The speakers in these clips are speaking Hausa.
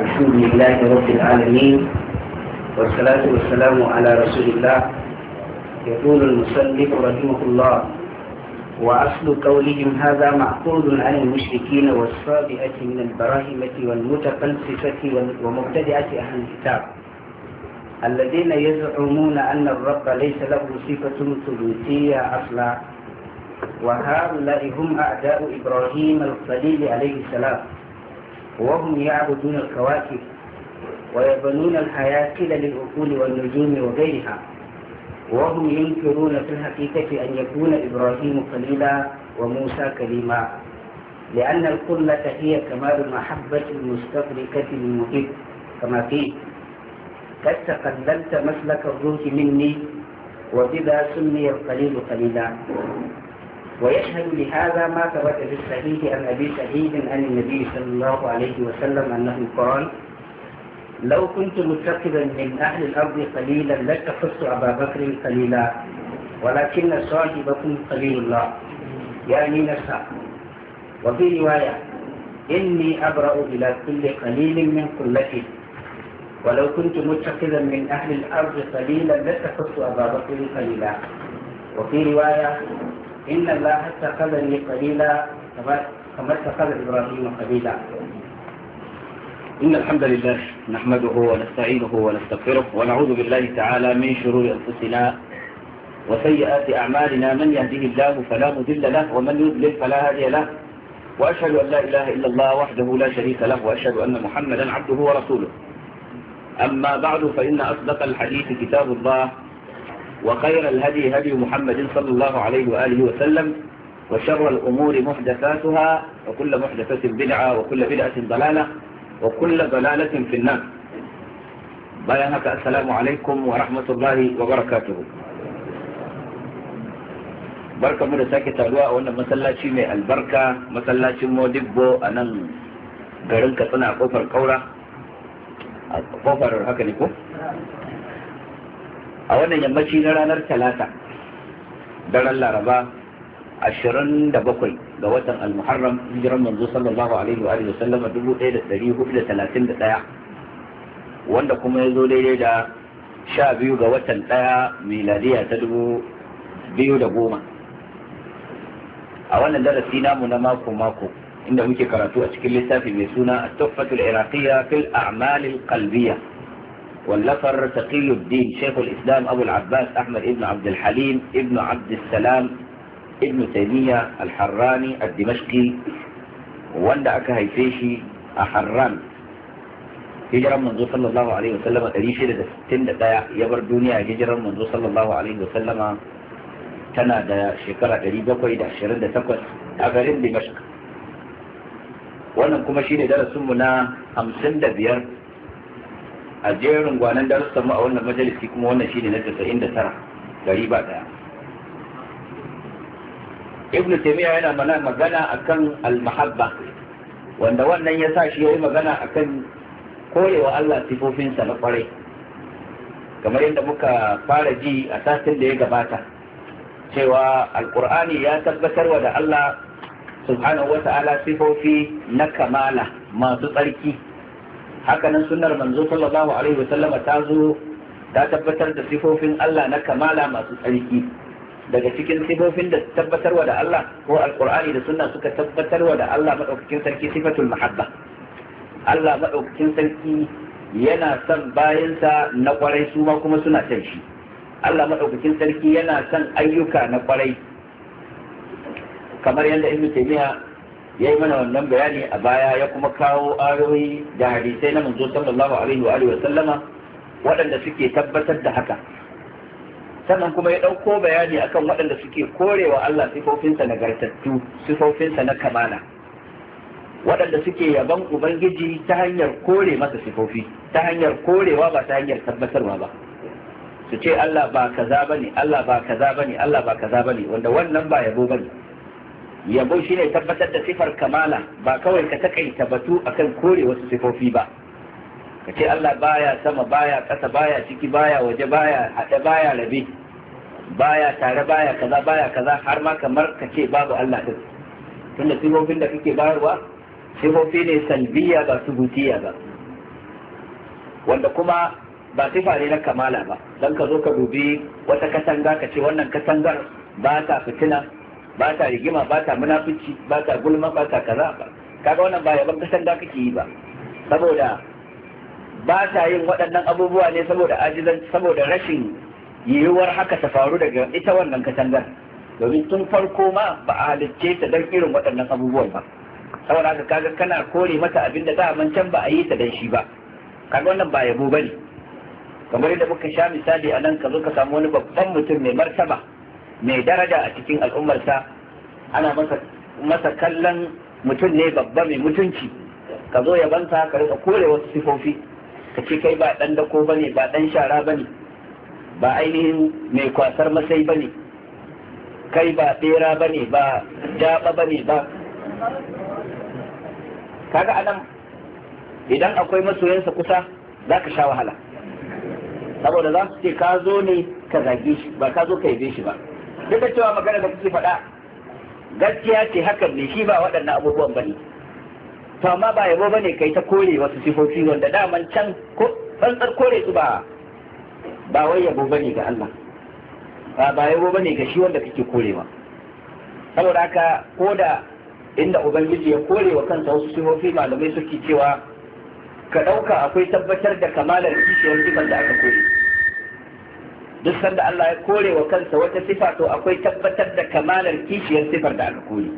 الحمد لله رب العالمين والصلاة والسلام على رسول الله يقول المسلم رحمه الله وأصل قولهم هذا معقول عن المشركين والصابئة من البراهمة والمتفلسفة ومبتدعة أهل الكتاب الذين يزعمون أن الرب ليس له صفة ثبوتية أصلا وهؤلاء هم أعداء إبراهيم الخليل عليه السلام وهم يعبدون الكواكب ويبنون الحياة كلا للأصول والنجوم وغيرها وهم ينكرون في الحقيقة أن يكون إبراهيم قليلا وموسى كليما لأن القلة هي كمال المحبة المستغرقة للمحب كما فيه قد تقللت مسلك الروح مني وبذا سمي القليل قليلا ويشهد لهذا ما ثبت في الصحيح عن أبي سعيد عن النبي صلى الله عليه وسلم أنه قال لو كنت متخذا من أهل الأرض قليلا لاتخذت أبا بكر قليلا ولكن صاحبكم قليل الله يعني نساء وفي رواية إني أبرأ إلى كل قليل من قلتي ولو كنت متخذا من أهل الأرض قليلا لاتخذت أبا بكر قليلا وفي رواية إن الله اتخذني قليلا كما اتخذ إبراهيم قليلا إن الحمد لله نحمده ونستعينه ونستغفره ونعوذ بالله تعالى من شرور أنفسنا وسيئات أعمالنا من يهده الله فلا مذل له ومن يضلل فلا هادي له وأشهد أن لا إله إلا الله وحده لا شريك له وأشهد أن محمدا عبده ورسوله أما بعد فإن أصدق الحديث كتاب الله وخير الهدي هدي محمد صلى الله عليه وآله وسلم وشر الأمور محدثاتها وكل محدثة بدعة وكل بدعة ضلالة وكل ضلالة في النار بيانك السلام عليكم ورحمة الله وبركاته بركة من ساكت الواء وانا a wannan masallaci mai albarka masallacin modibbo a nan garin katsina a kofar a wannan yammaci na ranar talata daren laraba 27 ga watan al-muharram hijiran manzo sallallahu alaihi wa alihi wasallam 1431 wanda kuma ya zo daidai da 12 ga watan 1 miladiya ta 2010 a wannan darasi namu na mako mako inda muke karatu a cikin littafi mai suna at-tuhfatul iraqiyya fil a'malil al-qalbiyya واللفر تقي الدين شيخ الإسلام أبو العباس أحمد بن عبد الحليم ابن عبد السلام ابن تيمية الحراني الدمشقي وندع كهيفيشي أحران هجر منذ صلى الله عليه وسلم تريشي لدى ستين دا يبر دنيا هجر منذ صلى الله عليه وسلم تنا دا شكرا تريبا كوي دا أغرين دمشق وانا كما شيني دا سمنا همسن دا a jerin gwanan darussan mu a wannan majalisi kuma wannan shine na 99 gari ba daya ibn taymiya yana mana magana akan al-mahabba wanda wannan ya sa shi ya yi magana akan koyewa Allah sifofinsa na kwarai kamar yadda muka fara ji a satin da ya gabata cewa alkur'ani ya tabbatar wa da Allah subhanahu wa ta'ala sifofi na kamala masu tsarki hakanan sunnar manzo sallallahu alaihi sallama ta zo ta tabbatar da sifofin Allah na kamala masu tsarki daga cikin sifofin da tabbatarwa da Allah ko alqur'ani da sunna suka tabbatarwa da Allah madaukakin sarki sifatul mahabba Allah madaukakin sarki yana son bayansa na kwarai su ma kuma suna son shi Allah madaukakin sarki yana son ayyuka na kwarai kamar yadda ibnu taymiya ya yi mana wannan bayani a baya ya kuma kawo ayoyi da hadisai na manzo sallallahu alaihi wa alihi sallama waɗanda suke tabbatar da haka sannan kuma ya ɗauko bayani akan waɗanda suke korewa Allah sifofinsa nagartattu sifofinsa na kamala waɗanda suke yaban ubangiji ta hanyar kore masa sifofi ta hanyar korewa ba ta hanyar tabbatarwa ba su ce Allah ba kaza bane Allah ba kaza bane Allah ba kaza bane wanda wannan ba yabo bane yabo shine tabbatar da sifar kamala ba kawai ka takaita batu akan kore wasu sifofi ba ka ce Allah baya sama baya kasa baya ciki baya waje baya hada baya rabe baya tare baya kaza baya kaza har ma kamar ka ce babu Allah din tunda sifofin da kake bayarwa sifofi ne salbiya ba subutiya ba wanda kuma ba sifa ne na kamala ba don ka zo ka dubi wata katanga ka ce wannan katangar ba ta fitina ba ta rigima ba ta munafici ba ta gulma ba ta kaza ba kaga wannan ba yaban kasan da kake yi ba saboda ba ta yin waɗannan abubuwa ne saboda ajizan saboda rashin yiwuwar haka ta faru daga ita wannan katangar domin tun farko ma ba a halicce ta don irin waɗannan abubuwan ba saboda haka kaga kana kore mata abin da a can ba a yi ta dan shi ba kaga wannan ba yabo bane kamar yadda muka sha misali a nan ka zo ka samu wani babban mutum mai martaba mai daraja a cikin al'ummarsa ana masa kallon mutum ne babba mai mutunci ka zo yabansa ka rika kore wasu sifofi ka ce kai ba dan dako bane ba dan shara bane ba ainihin mai kwasar masai bane kai ba bera bane ba jaba bane ba kaga adam idan akwai masoyansa kusa za ka sha wahala saboda za su ce ka zo ne ka zage shi ba ka zo ka yabe shi ba duk da cewa magana da kuke faɗa gaskiya ce hakan ne shi ba waɗannan abubuwan bane to amma ba yabo bane kai ta kore wasu sifofi wanda daman can ko tsantsar kore su ba ba wai yabo bane ga Allah ba ba yabo bane ga shi wanda kake korewa saboda haka ko da inda ubangiji ya kore wa kansa wasu sifofi malamai suke cewa ka ɗauka akwai tabbatar da kamalar kishiyar kiman da aka kore duk sanda Allah ya kore wa kansa wata sifa to akwai tabbatar da kamalar kishiyar sifar da aka kore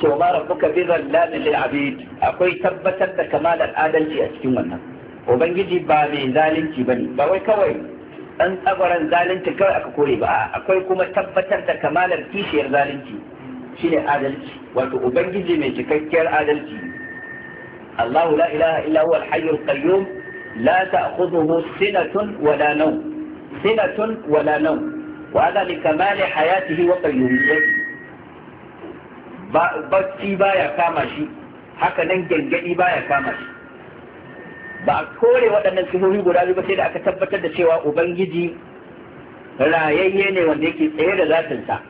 ce wa mara buka bi zallamin lil abid akwai tabbatar da kamalar adalci a cikin wannan ubangiji ba mai zalunci bane ba wai kawai dan tsagwaran zalunci kawai aka kore ba akwai kuma tabbatar da kamalar kishiyar zalunci shine adalci wato ubangiji mai cikakkiyar adalci Allahu la ilaha illa huwa al-hayyul qayyum la ta'khudhuhu sinatun wa la nawm سنة ولا نوم وهذا لكمال حياته وقيوميته bacci ya kama shi haka nan ba ya kama shi ba a kore waɗannan sihohi guda biyu sai da aka tabbatar da cewa ubangiji rayayye ne wanda yake tsaye da zatinsa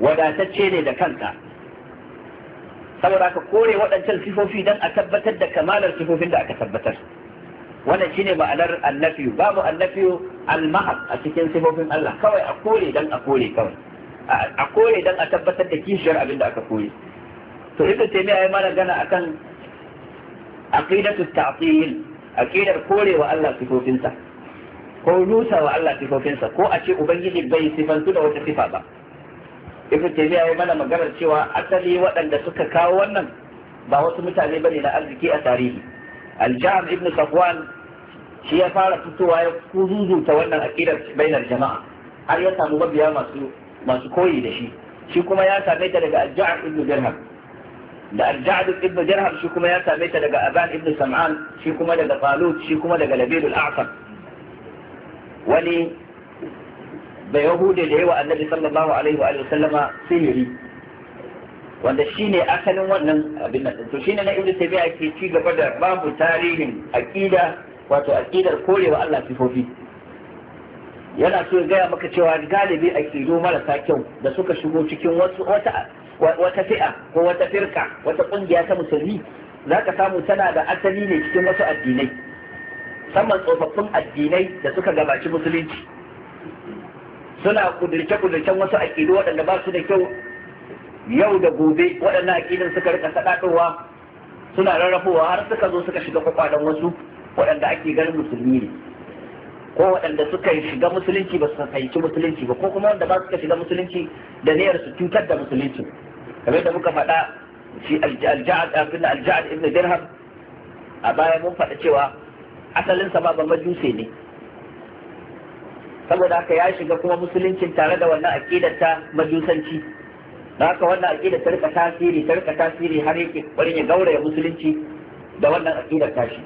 wadatacce ne da kansa saboda aka kore waɗancan sifofi don a tabbatar da kamalar sifofin da aka tabbatar wannan shine ma'anar annafi babu annafi al-mahab a cikin sifofin Allah kawai a kore dan a kore kawai a kore dan a tabbatar da kishiyar abinda aka kore to ibn taymiya ya mana gana akan aqidatu ta'til aqidar kore wa Allah sifofinsa ko rusa wa Allah sifofinsa ko a ce ubangiji bai sifantu da wata sifa ba ibn taymiya ya mana maganar cewa asali waɗanda suka kawo wannan ba wasu mutane bane na arziki a tarihi aljam ibn safwan shi ya fara fitowa ya ta wannan aqidar bainar jama'a har ya samu mabiya masu koyi da shi shi kuma ya same ta daga alja'ad ibn dirham da ibn dirham shi kuma ya same ta daga aban ibn sam'an shi kuma daga talut shi kuma daga labid al wani bai yahude da yawa annabi sallallahu alaihi wa sallama sihiri wanda shine asalin wannan abin nan to shine na ibnu tabi'a ke ci gaba da babu tarihin aqida wato aqidar korewa Allah sifofi yana so ya gaya maka cewa galibi aqidu marasa kyau da suka shigo cikin wasu wata wata fi'a ko wata firka wata kungiya ta musulmi zaka samu tana da asali ne cikin wasu addinai musamman tsofaffin addinai da suka gabaci musulunci suna kudirce ƙudircen wasu aƙidu waɗanda ba su da kyau yau da gobe waɗannan aƙidan suka rika saɗaɗowa suna rarrafowa har suka zo suka shiga kwakwalen wasu waɗanda ake ganin musulmi ne ko waɗanda suka shiga musulunci ba su fahimci musulunci ba ko kuma wanda ba suka shiga musulunci da niyyar su cutar da musulunci kamar da muka faɗa shi alja'ad ibn dirham a baya mun faɗa cewa asalinsa ma ba majuse ne saboda haka ya shiga kuma musuluncin tare da wannan aƙidar ta majusanci da haka wannan aƙida ta rika tasiri ta rika tasiri har yake bari ya gauraya musulunci da wannan ta tashi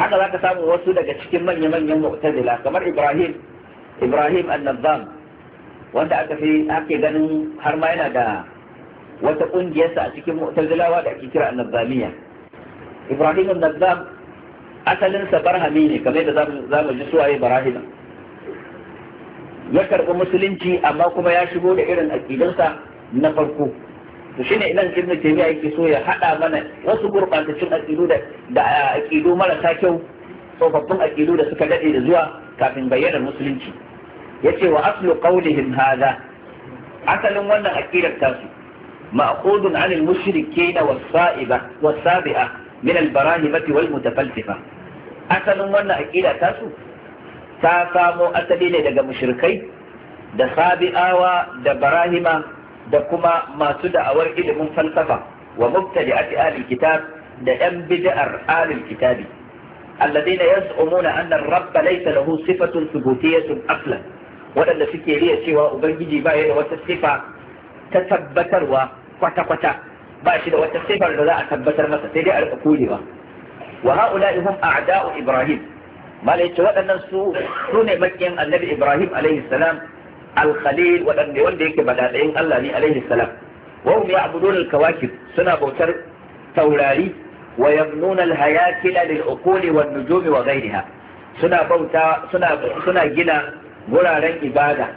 haka za ka samu wasu daga cikin manya-manyan mu'tazila kamar ibrahim ibrahim annabam wanda aka fi ake ganin har ma yana da wata ƙungiyarsa a cikin mu'tazilawa da ake kira annabamiya ibrahim annabam asalinsa barhami ne kamar da za mu ji suwaye barahima ya karɓi musulunci amma kuma ya shigo da irin aƙidansa na farko to shine idan ibnu taymiya yake so ya hada mana wasu gurbatacin aƙidu da da aƙidu marasa kyau tsofaffin aƙidu da suka dade da zuwa kafin bayyana musulunci yace wa aslu qawlihim hadha asalin wannan aqidar tasu ma'qudun 'an al-mushrikeen was-sa'iba was-sabi'a min al-barahimati wal-mutafalsifa asalin wannan aqida tasu ta samo asali ne daga mushrikai da sabi'awa da barahima da kuma masu da'awar ilimin falsafa wa mubtadi'ati ahli kitab da yan bid'ar ahli kitabi alladhina yaz'umuna anna ar-rabb laysa lahu sifatun thubutiyyatun aslan waɗanda suke riya cewa ubangiji ba ya da wata sifa ta tabbatarwa kwata-kwata ba shi da wata sifar da za a tabbatar masa sai dai a rika kulewa wa ha'ula'i hum a'da'u ibrahim malai ce waɗannan su su ne makiyan annabi ibrahim alaihi salam al-khalil waɗanda wanda yake badadayin allah ne alaihi salam wa hum ya'budun al suna bautar taurari wa yamnun al-hayakil wan-nujumi wa ghayriha suna bauta suna suna gina guraren ibada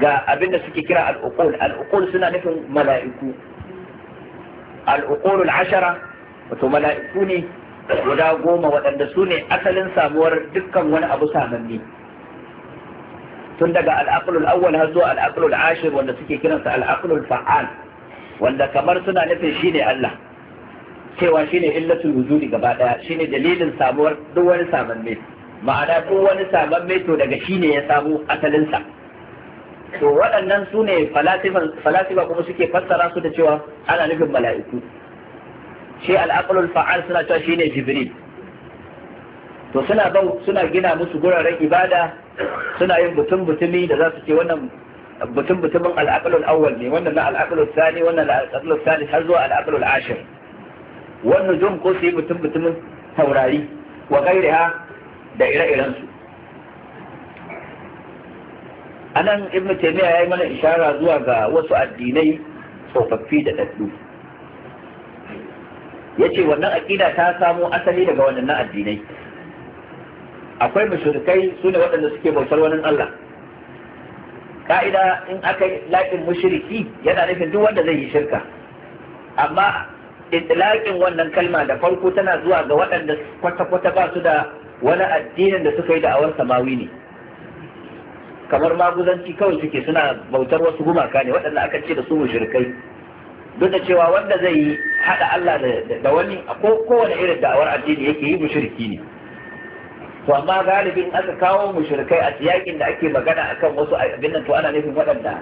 ga abin da suke kira al-uqul suna nufin mala'iku al-uqul wato mala'iku ne guda goma waɗanda su ne asalin samuwar dukkan wani abu samanni tun daga al'aqlul awwal har zuwa al'aqlul ashir wanda suke kiransa al'aqlul fa'al wanda kamar suna nufin shine Allah cewa shine illatul wujudi gaba daya shine dalilin samuwar duk wani samanni ma'ana duk wani samanni to daga shine ya samu asalin sa to waɗannan su ne falasifa kuma suke fassara su da cewa ana nufin mala'iku shi al'aqlul fa'al suna cewa ne jibril to suna suna gina musu guraren ibada suna yin butun butumi da za su ce wannan butun butumin al'aqlul awwal ne wannan na al'aqlul Sani, wannan na al'aqlul Sani har zuwa al'aqlul ashir wannan jum ko sai butun butumin taurari wa gairiha da ire-iren su anan ibnu taymiya yayi mana ishara zuwa ga wasu addinai tsofaffi da daddu Ya ce wannan aƙida ta samo asali daga waɗannan addinai akwai mushrikai su ne waɗanda suke bautar wani Allah ka'ida in aka laƙin mushriki yana nufin duk wanda zai yi shirka amma laƙin wannan kalma da farko tana zuwa ga waɗanda kwata-kwata ba su da wani addinin da suka yi da awar samawi ne kamar maguzanci kawai suke suna bautar wasu gumaka ne waɗanda aka ce da su mushrikai duk da cewa wanda zai yi hada Allah da wani ko kowane irin da'awar addini yake yi mushriki ne to amma galibin aka kawo mushrikai a siyakin da ake magana akan wasu abin nan to ana nufin waɗanda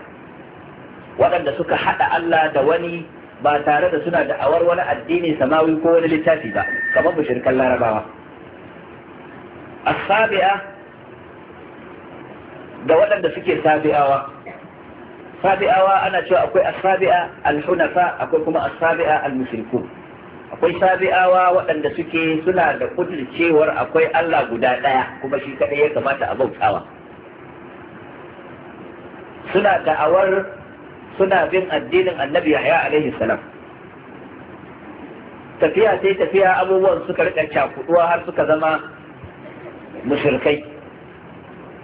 waɗanda suka hada Allah da wani ba tare da suna da'awar wani addini samawi ko wani littafi ba kamar mushrikan larabawa as-sabi'a da waɗanda suke sabi'awa sabi'awa ana cewa akwai asabi'a al-hunafa akwai kuma asabi'a al-mushrikun akwai sabi'awa waɗanda suke suna da kudircewar akwai Allah guda ɗaya kuma shi kaɗai ya kamata a bautawa suna da'awar suna bin addinin annabi Yahya alaihi salam tafiya sai tafiya abubuwan suka rika cakuduwa har suka zama mushrikai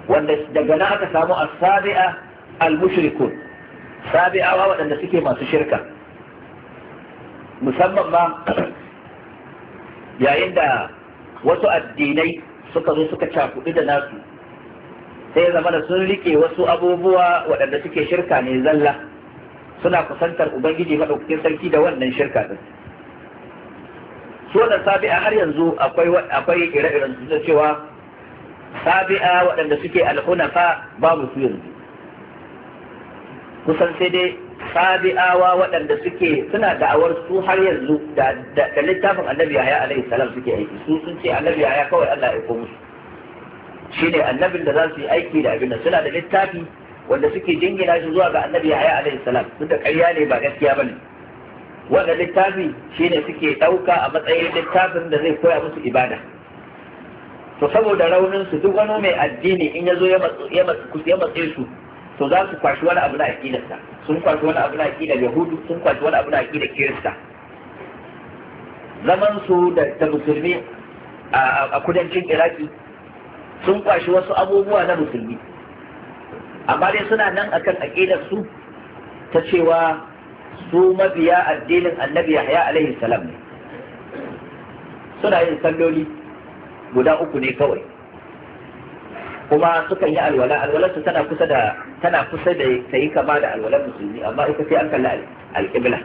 wanda daga nan aka samu asabi'a al-mushrikun sabi'awa waɗanda suke masu shirka musamman ma yayin da wasu addinai suka zo suka cakuɗi da nasu sai ya zama da sun rike wasu abubuwa waɗanda suke shirka ne zalla suna kusantar ubangiji maɗaukakin sarki da wannan shirka ɗin. so sabi'a har yanzu akwai ire-iren su cewa sabi'a waɗanda suke alhunafa babu su yanzu kusan sai dai sabi'awa waɗanda suke suna da'awar su har yanzu da littafin annabi yahya alaihi salam suke aiki su sun ce annabi yahya kawai Allah ya aiko musu shine annabin da za su yi aiki da abin da suna da littafi wanda suke jingina shi zuwa ga annabi yahya alaihi salam su da ƙarya ne ba gaskiya bane wannan littafi shine suke ɗauka a matsayin littafin da zai koya musu ibada to saboda raunin su duk wani mai addini in ya zo ya matse su to za su kwashi wani abu na aƙidarsa sun kwashi wani abu na aƙidar yahudu sun kwashi wani abu na aƙidar kirista zaman su da musulmi a kudancin iraki sun kwashi wasu abubuwa na musulmi amma dai suna nan akan aƙidar su ta cewa su mabiya addinin annabi yahya alaihi salam ne suna yin salloli guda uku ne kawai kuma sukan yi alwala alwalar su tana kusa da tana kusa da tayi kama da alwalar musulmi amma ita sai an kalli alƙibla.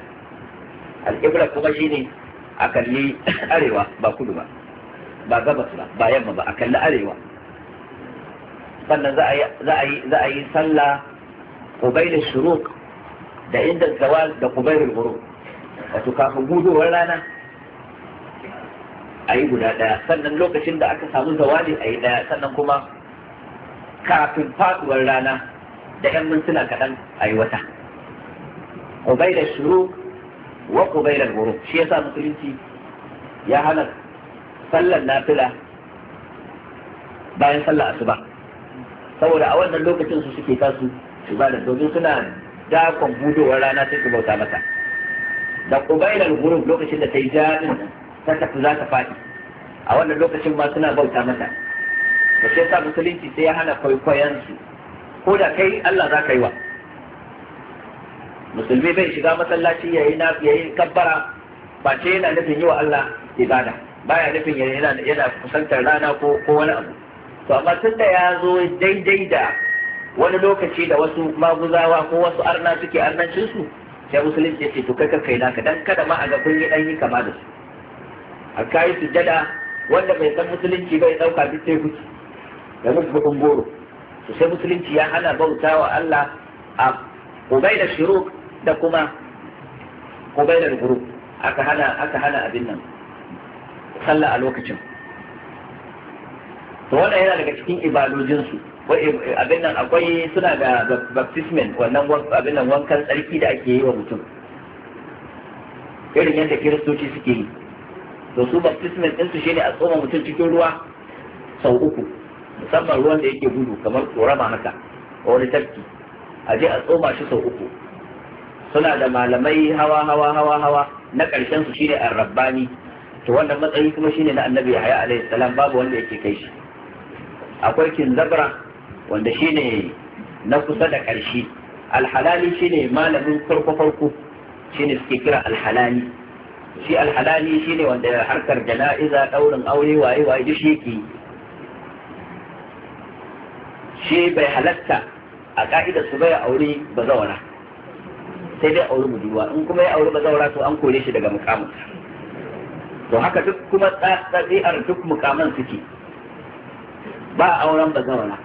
Alƙibla kuma shine a kalli arewa ba kudu ba ba gabas ba ba yamma ba a kalli arewa sannan za a yi sallah kubailin shuruk da inda zawal da kubailin guru wato kafin gudowar rana a yi guda ɗaya sannan lokacin da aka samu zawali a yi ɗaya sannan kuma kafin faduwar rana da ‘yan mintuna kaɗan a yi wata. Ubai da shuru wa ubai da goro shi yasa musulunci ya hana sallar nafila bayan sallar asuba saboda a wannan lokacin su suke tasu da domin suna dakon budowar rana sai su bauta masa da da gurub lokacin da ta yi jami'in ta tafi za ta faɗi a wannan lokacin ma suna bauta masa ba shi yasa musulunci sai ya hana kwaikwayon su ko da kai Allah za ka yi wa musulmi bai shiga masallaci yayi na yayi kabbara ba ce yana nufin yi wa Allah ibada baya nufin yana yana kusantar rana ko ko wani abu to amma tunda ya zo daidai da wani lokaci da wasu maguzawa ko wasu arna suke arnancin su sai musulunci ya ce to kai kai naka dan kada ma a ga kun yi kama da su a kai sujada wanda bai san musulunci bai dauka duk sai da mutum goro to sai musulunci ya hana bauta wa Allah a kubai da shiru da kuma kubai da guru aka hana aka hana abin nan sallah a lokacin to wannan yana daga cikin ibadojinsu abin nan akwai suna da baptismen wannan abin nan wankan tsarki da ake yi wa mutum irin yadda kiristoci suke yi to su baptismen su shine a tsoma mutum cikin ruwa sau uku musamman ruwan da yake gudu kamar korama haka a wani tafki a je a tsoma shi sau uku suna da malamai hawa hawa hawa hawa na ƙarshen su shine arrabbani to wannan matsayi kuma shine na annabi haya alaihi salam babu wanda yake kai shi akwai kin zabra wanda shine na kusa da ƙarshe alhalali shine malamin farko farko shine suke kira alhalali shi alhalali shine wanda harkar jana'iza daurin aure waye waye duk shi yake shi bai halatta a ka'ida su bai aure ba zaura sai dai aure budurwa in kuma ya aure ba zaura to an kore shi daga mukamin to haka duk kuma tsatsiyar duk mukaman suke ba auren ba zaura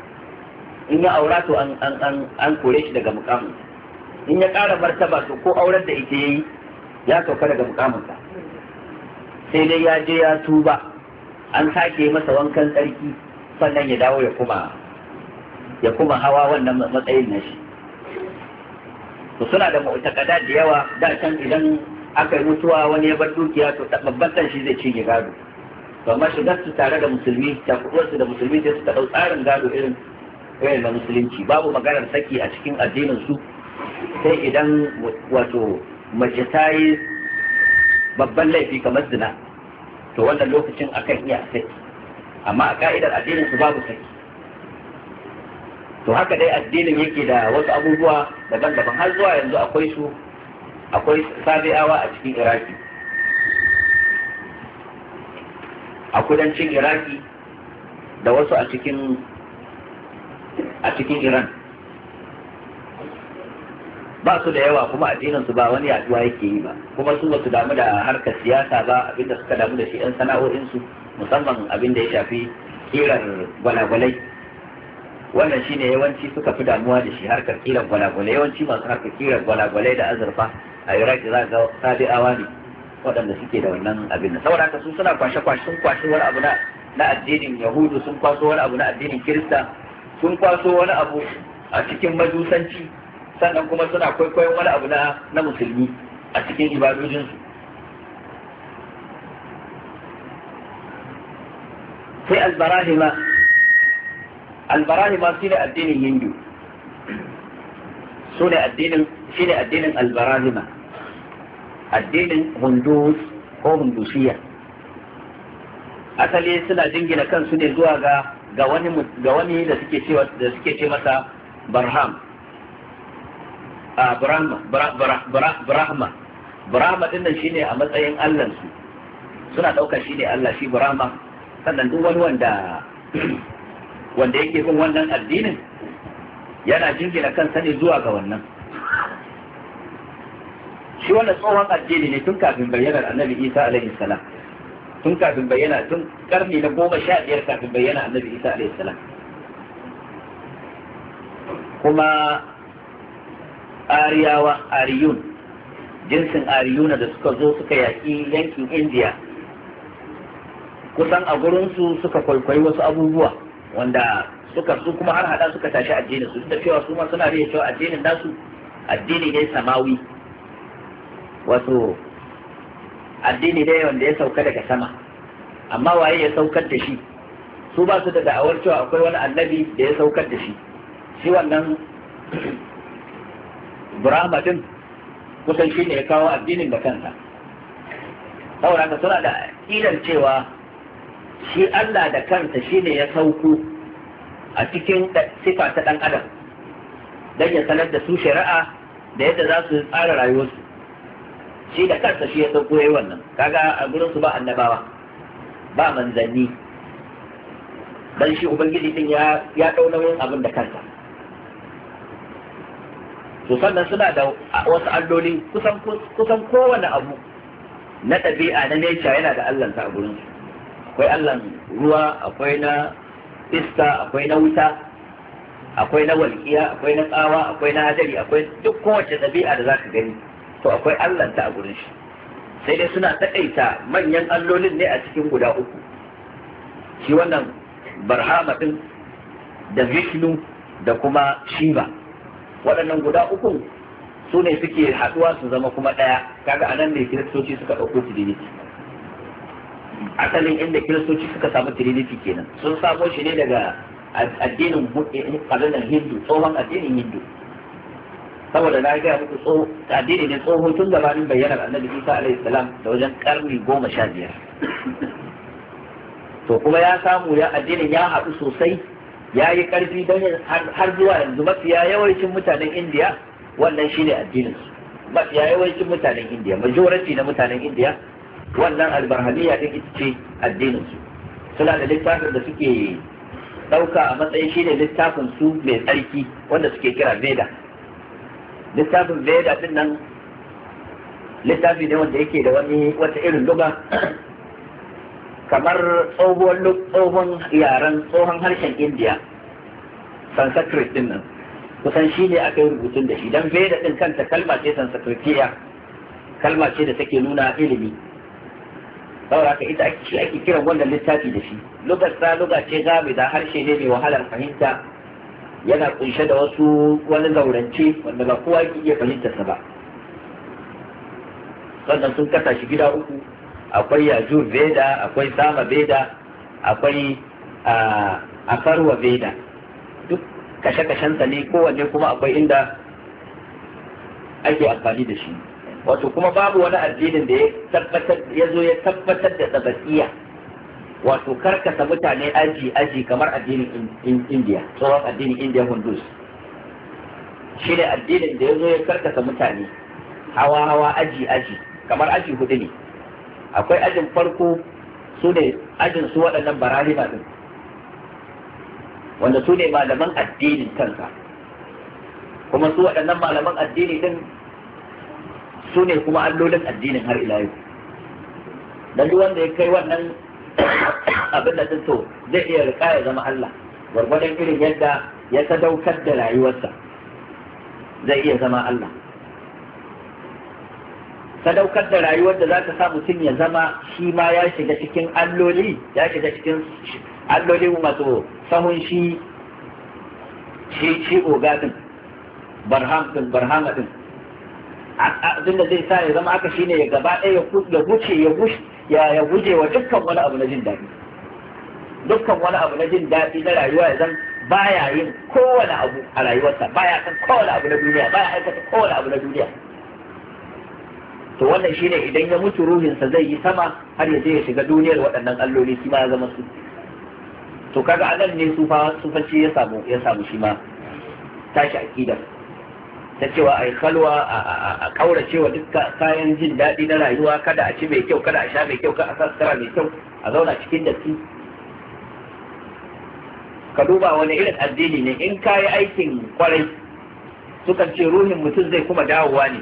in ya aura to an kore shi daga mukamin in ya ƙara martaba to ko auren da ita yayi ya sauka daga mukaminsa sai dai ya je ya tuba an sake masa wankan tsarki sannan ya dawo ya kuma ya kuma hawa wannan matsayin na shi to suna da mu'takada da yawa da can idan aka yi mutuwa wani ya bar dukiya to babban shi zai cinye gado to amma shi su tare da musulmi ta su da musulmi sai su taɓa tsarin gado irin irin na musulunci babu maganar saki a cikin addinin su sai idan wato mace ta yi babban laifi kamar zina to wannan lokacin akan iya saki amma a ka'idar addinin su babu saki to haka dai addinin yake da wasu abubuwa daban-daban har zuwa yanzu akwai su akwai sabi'awa a cikin iraki a kudancin iraki da wasu a cikin a cikin iran ba su da yawa kuma addinin su ba wani yaduwa yake yi ba kuma su basu damu da harkar siyasa ba abinda suka damu da shi yan sana'o'insu musamman abinda ya shafi kiran gwalagwalai wannan shine yawanci suka fi damuwa da shi harkar kiran gwalagwale yawanci masu harkar kiran gwalagwale da azurfa a iraki za ga Sadi'awa ne waɗanda suke da wannan abin nan saboda haka su suna kwashe kwashe sun kwashe wani abu na na addinin yahudu sun kwaso wani abu na addinin kirista sun kwaso wani abu a cikin majusanci sannan kuma suna kwaikwayon wani abu na na musulmi a cikin ibadojinsu sai albarahima albarani ma shine addinin hindu su ne addinin shine addinin albarahima addinin hundus ko hundusiya asali suna jingina kansu ne zuwa ga ga wani ga wani da suke cewa da suke ce masa barham a brahma brahma brahma din nan shine a matsayin allansu, suna suna shi ne Allah shi brahma sannan duk wani wanda wanda yake bin wannan addinin yana jingina kansa ne zuwa ga wannan shi wannan tsohon addini ne tun kafin bayyanar annabi isa alaihi salam tun kafin bayyana tun karni na goma sha biyar kafin bayyana annabi isa alaihi salam kuma ariyawa ariyun jinsin ariyuna da suka zo suka yaƙi yankin indiya kusan a gurinsu suka kwaikwayi wasu abubuwa wanda suka su kuma har hada suka tashi addinin su da cewa su ma suna da cewa addinin nasu addini ne samawi wato addini ne wanda ya sauka daga sama amma waye ya saukar da shi su ba su da da'awar cewa akwai wani annabi da ya saukar da shi shi wannan Burama din kusan shi ne ya kawo addinin da kansa saboda suna da ilan cewa shi Allah da kansa ne ya sauko a cikin sifa ta ɗan adam don ya sanar da su shari'a da yadda za su tsara rayuwarsu shi da kansa shi ya sauko ya yi wannan kaga a gurinsu ba annabawa ba manzanni dan shi ubangiji din ya ɗau nauyin abin da kansa to sannan suna da wasu alloli kusan kusan kowane abu na ɗabi'a na nature yana da allansa a gurinsu akwai allan ruwa akwai na iska akwai na wuta akwai na walƙiya akwai na tsawa akwai na hadari akwai duk kowace ɗabi'a da za ka gani to akwai allanta a gurin shi sai dai suna taƙaita manyan allolin ne a cikin guda uku shi wannan barhama ɗin da vishnu da kuma shiva waɗannan guda uku su ne suke haɗuwa su zama kuma ɗaya kaga anan ne kiristoci suka ɗauko su asalin inda kiristoci suka samu trinity kenan sun samo shi ne daga addinin kabilan eh, hindu tsohon addinin hindu saboda na gaya muku addini ne tsohon tun gabanin bayyanar annabi isa alaihi salam da wajen karni goma sha biyar to kuma ya samu ya addinin ya haɗu sosai ya yi ƙarfi don har zuwa yanzu mafiya yawancin mutanen indiya wannan shi ne addinin mafiya yawancin mutanen indiya majority na mutanen indiya wannan albarhamiya ta ita ce addinin su suna da littafin da suke ɗauka a matsayin ne littafin su mai tsarki wanda suke kira veda littafin veda din nan littafi ne wanda yake da wani wata irin duba kamar tsohon yaren tsohon harshen indiya sanskrit din nan kusan shi ne aka yi rubutun da shi don veda din kanta kalma ce sanskritiya kalma ce da take nuna ilimi saboda haka ita ake shi ake kiran wannan littafi da shi lugar ta luga ce gami da harshe ne mai wahalar fahimta yana kunshe da wasu wani zaurance wanda ba kowa ki iya fahimtarsa ba sannan sun kasa shi gida uku akwai yazu veda akwai sama veda akwai akarwa veda duk kashe kashen sa ne kowanne kuma akwai inda ake amfani da shi wato kuma babu wani addinin da ya tabbatar ya zo ya tabbatar da tabasiya wato karkasa mutane aji aji kamar addinin indiya tsohon addinin indiya hundus shi ne addinin da ya zo ya karkasa mutane hawa hawa aji aji kamar aji hudu ne akwai ajin farko su ne ajin su waɗannan barahima ɗin, wanda su ne malaman addinin kansa kuma su waɗannan malaman addini din su ne kuma allolin addinin har ila yau dan duk wanda ya kai wannan abin da so zai iya rika ya zama Allah gwargwadon irin yadda ya sadaukar da rayuwarsa zai iya zama Allah sadaukar da rayuwar da za ka sa mutum ya zama shi ma ya shiga cikin alloli ya shiga cikin alloli masu sahun shi shi shi oga abin da zai sa ya zama aka shine ya gaba ɗaya ya guce ya ya guje wa dukkan wani abu na jin daɗi dukkan wani abu na jin daɗi na rayuwa ya zan baya yin kowane abu a rayuwarsa baya kan kowane abu na duniya baya aikata kowane abu na duniya to wannan shine idan ya mutu ruhinsa zai yi sama har ya je ya shiga duniyar waɗannan alloli shi ma ya zama su to kaga anan ne sufa sufanci ya samu ya samu shi ma tashi akidar ta cewa a yi kalwa a kaurace wa duk kayan jin daɗi na rayuwa kada a ci mai kyau kada a sha mai kyau kada a sa mai kyau a zauna cikin datti ka duba wani irin addini ne in ka yi aikin kwarai sukan ce ruhin mutum zai kuma dawowa ne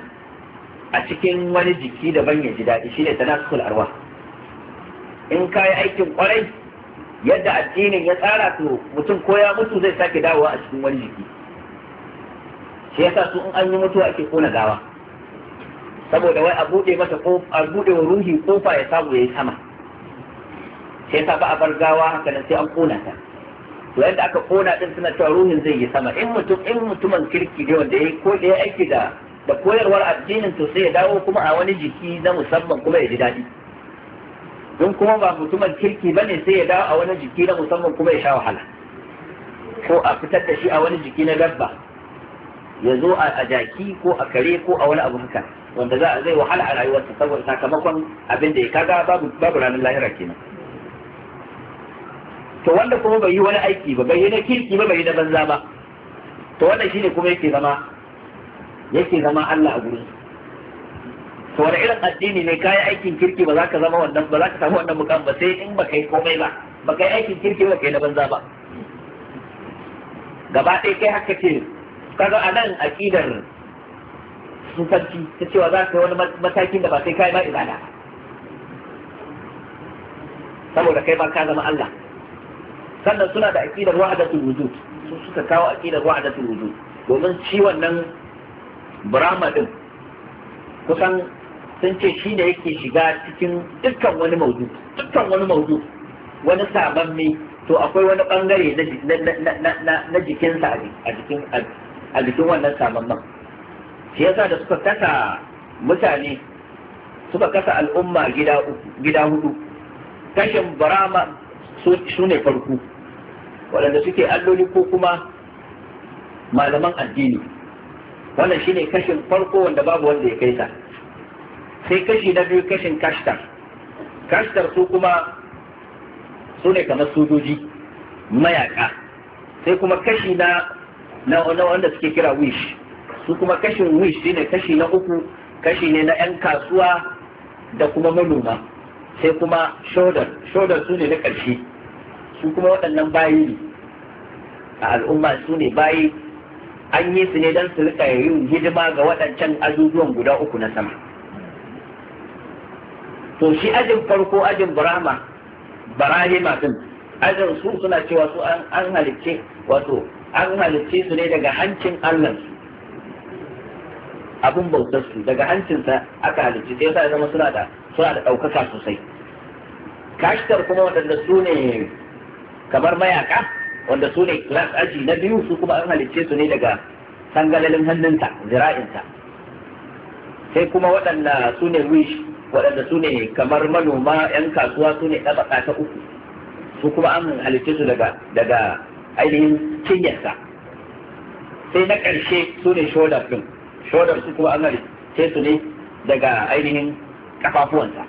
a cikin wani jiki daban ya ji daɗi shine tanasukul arwa in ka yi aikin kwarai yadda addinin ya tsara to mutum ko ya mutu zai sake dawowa a cikin wani jiki shi yasa su in an yi mutuwa ake kona gawa saboda wai a bude mata ko a bude wa ruhi kofa ya samu yayi sama sai ta ba a bar gawa haka nan sai an kona ta to yadda aka kona din suna cewa ruhin zai yi sama in mutum in mutumin kirki ne wanda yayi ko da ya aiki da da koyarwar addinin to sai ya dawo kuma a wani jiki na musamman kuma ya ji daɗi don kuma ba mutumin kirki bane sai ya dawo a wani jiki na musamman kuma ya sha wahala ko a fitar da shi a wani jiki na dabba ya zo a jaki ko a kare ko a wani abu haka wanda za zai wahala a rayuwarsa saboda sakamakon abin da ya kaga babu ranar lahira kenan to wanda kuma bai yi wani aiki ba bai yi na kirki ba bai yi na banza ba to wanda shine kuma yake zama yake zama Allah a gurin to wani irin addini ne kai aikin kirki ba za ka zama wannan ba za ka samu wannan mukam ba sai in baka yi komai ba baka yi aikin kirki ba kai na banza ba gaba ɗaya kai haka ce kaga nan aqidar sufanci ta cewa za ka wani matakin da ba sai kai ba ibada saboda kai ma ka zama Allah sannan suna da aƙidar wa'adatul wujud su suka kawo aƙidar wa'adatul wujud domin shi wannan Brahma din kusan sun ce shi ne yake shiga cikin dukkan wani maudu dukkan wani maudu wani sabon to akwai wani bangare na jikinsa a jikin a jikin wannan samamman shi yasa da suka kasa mutane suka kasa al'umma gida hudu kashin barama su ne farko waɗanda suke alloli ko kuma malaman addini wannan shine kashin farko wanda babu wanda ya kai ta sai kashi na biyu kashin kashtar kashtar su kuma su ne kamar sojoji mayaka sai kuma kashi na na wanda suke kira wish su kuma kashin wish shine kashi na uku kashi ne na 'yan kasuwa da kuma manoma sai kuma shodar shodar su ne na ƙarshe su kuma waɗannan bayi a al'umma su ne bayi an yi su ne don su rika yin hidima ga waɗancan azuzuwan guda uku na sama to shi ajin farko ajin burama barahima din ajin su suna cewa su an halicce wato an halicce su ne daga hancin Allah abin bautar su daga hancinsa aka halicce sai yasa zama suna da suna da ɗaukaka sosai kashtar kuma waɗanda su ne kamar mayaka wanda su ne class aji na biyu su kuma an halicce su ne daga sangalalin hannunta zira'inta sai kuma waɗanda su ne wish waɗanda su ne kamar manoma 'yan kasuwa su ne ɗabaka ta uku su kuma an halicce su daga daga ainihin cinyarsa sai na ƙarshe su ne shodar ɗin shodar su kuma an sai su ne daga ainihin ƙafafuwansa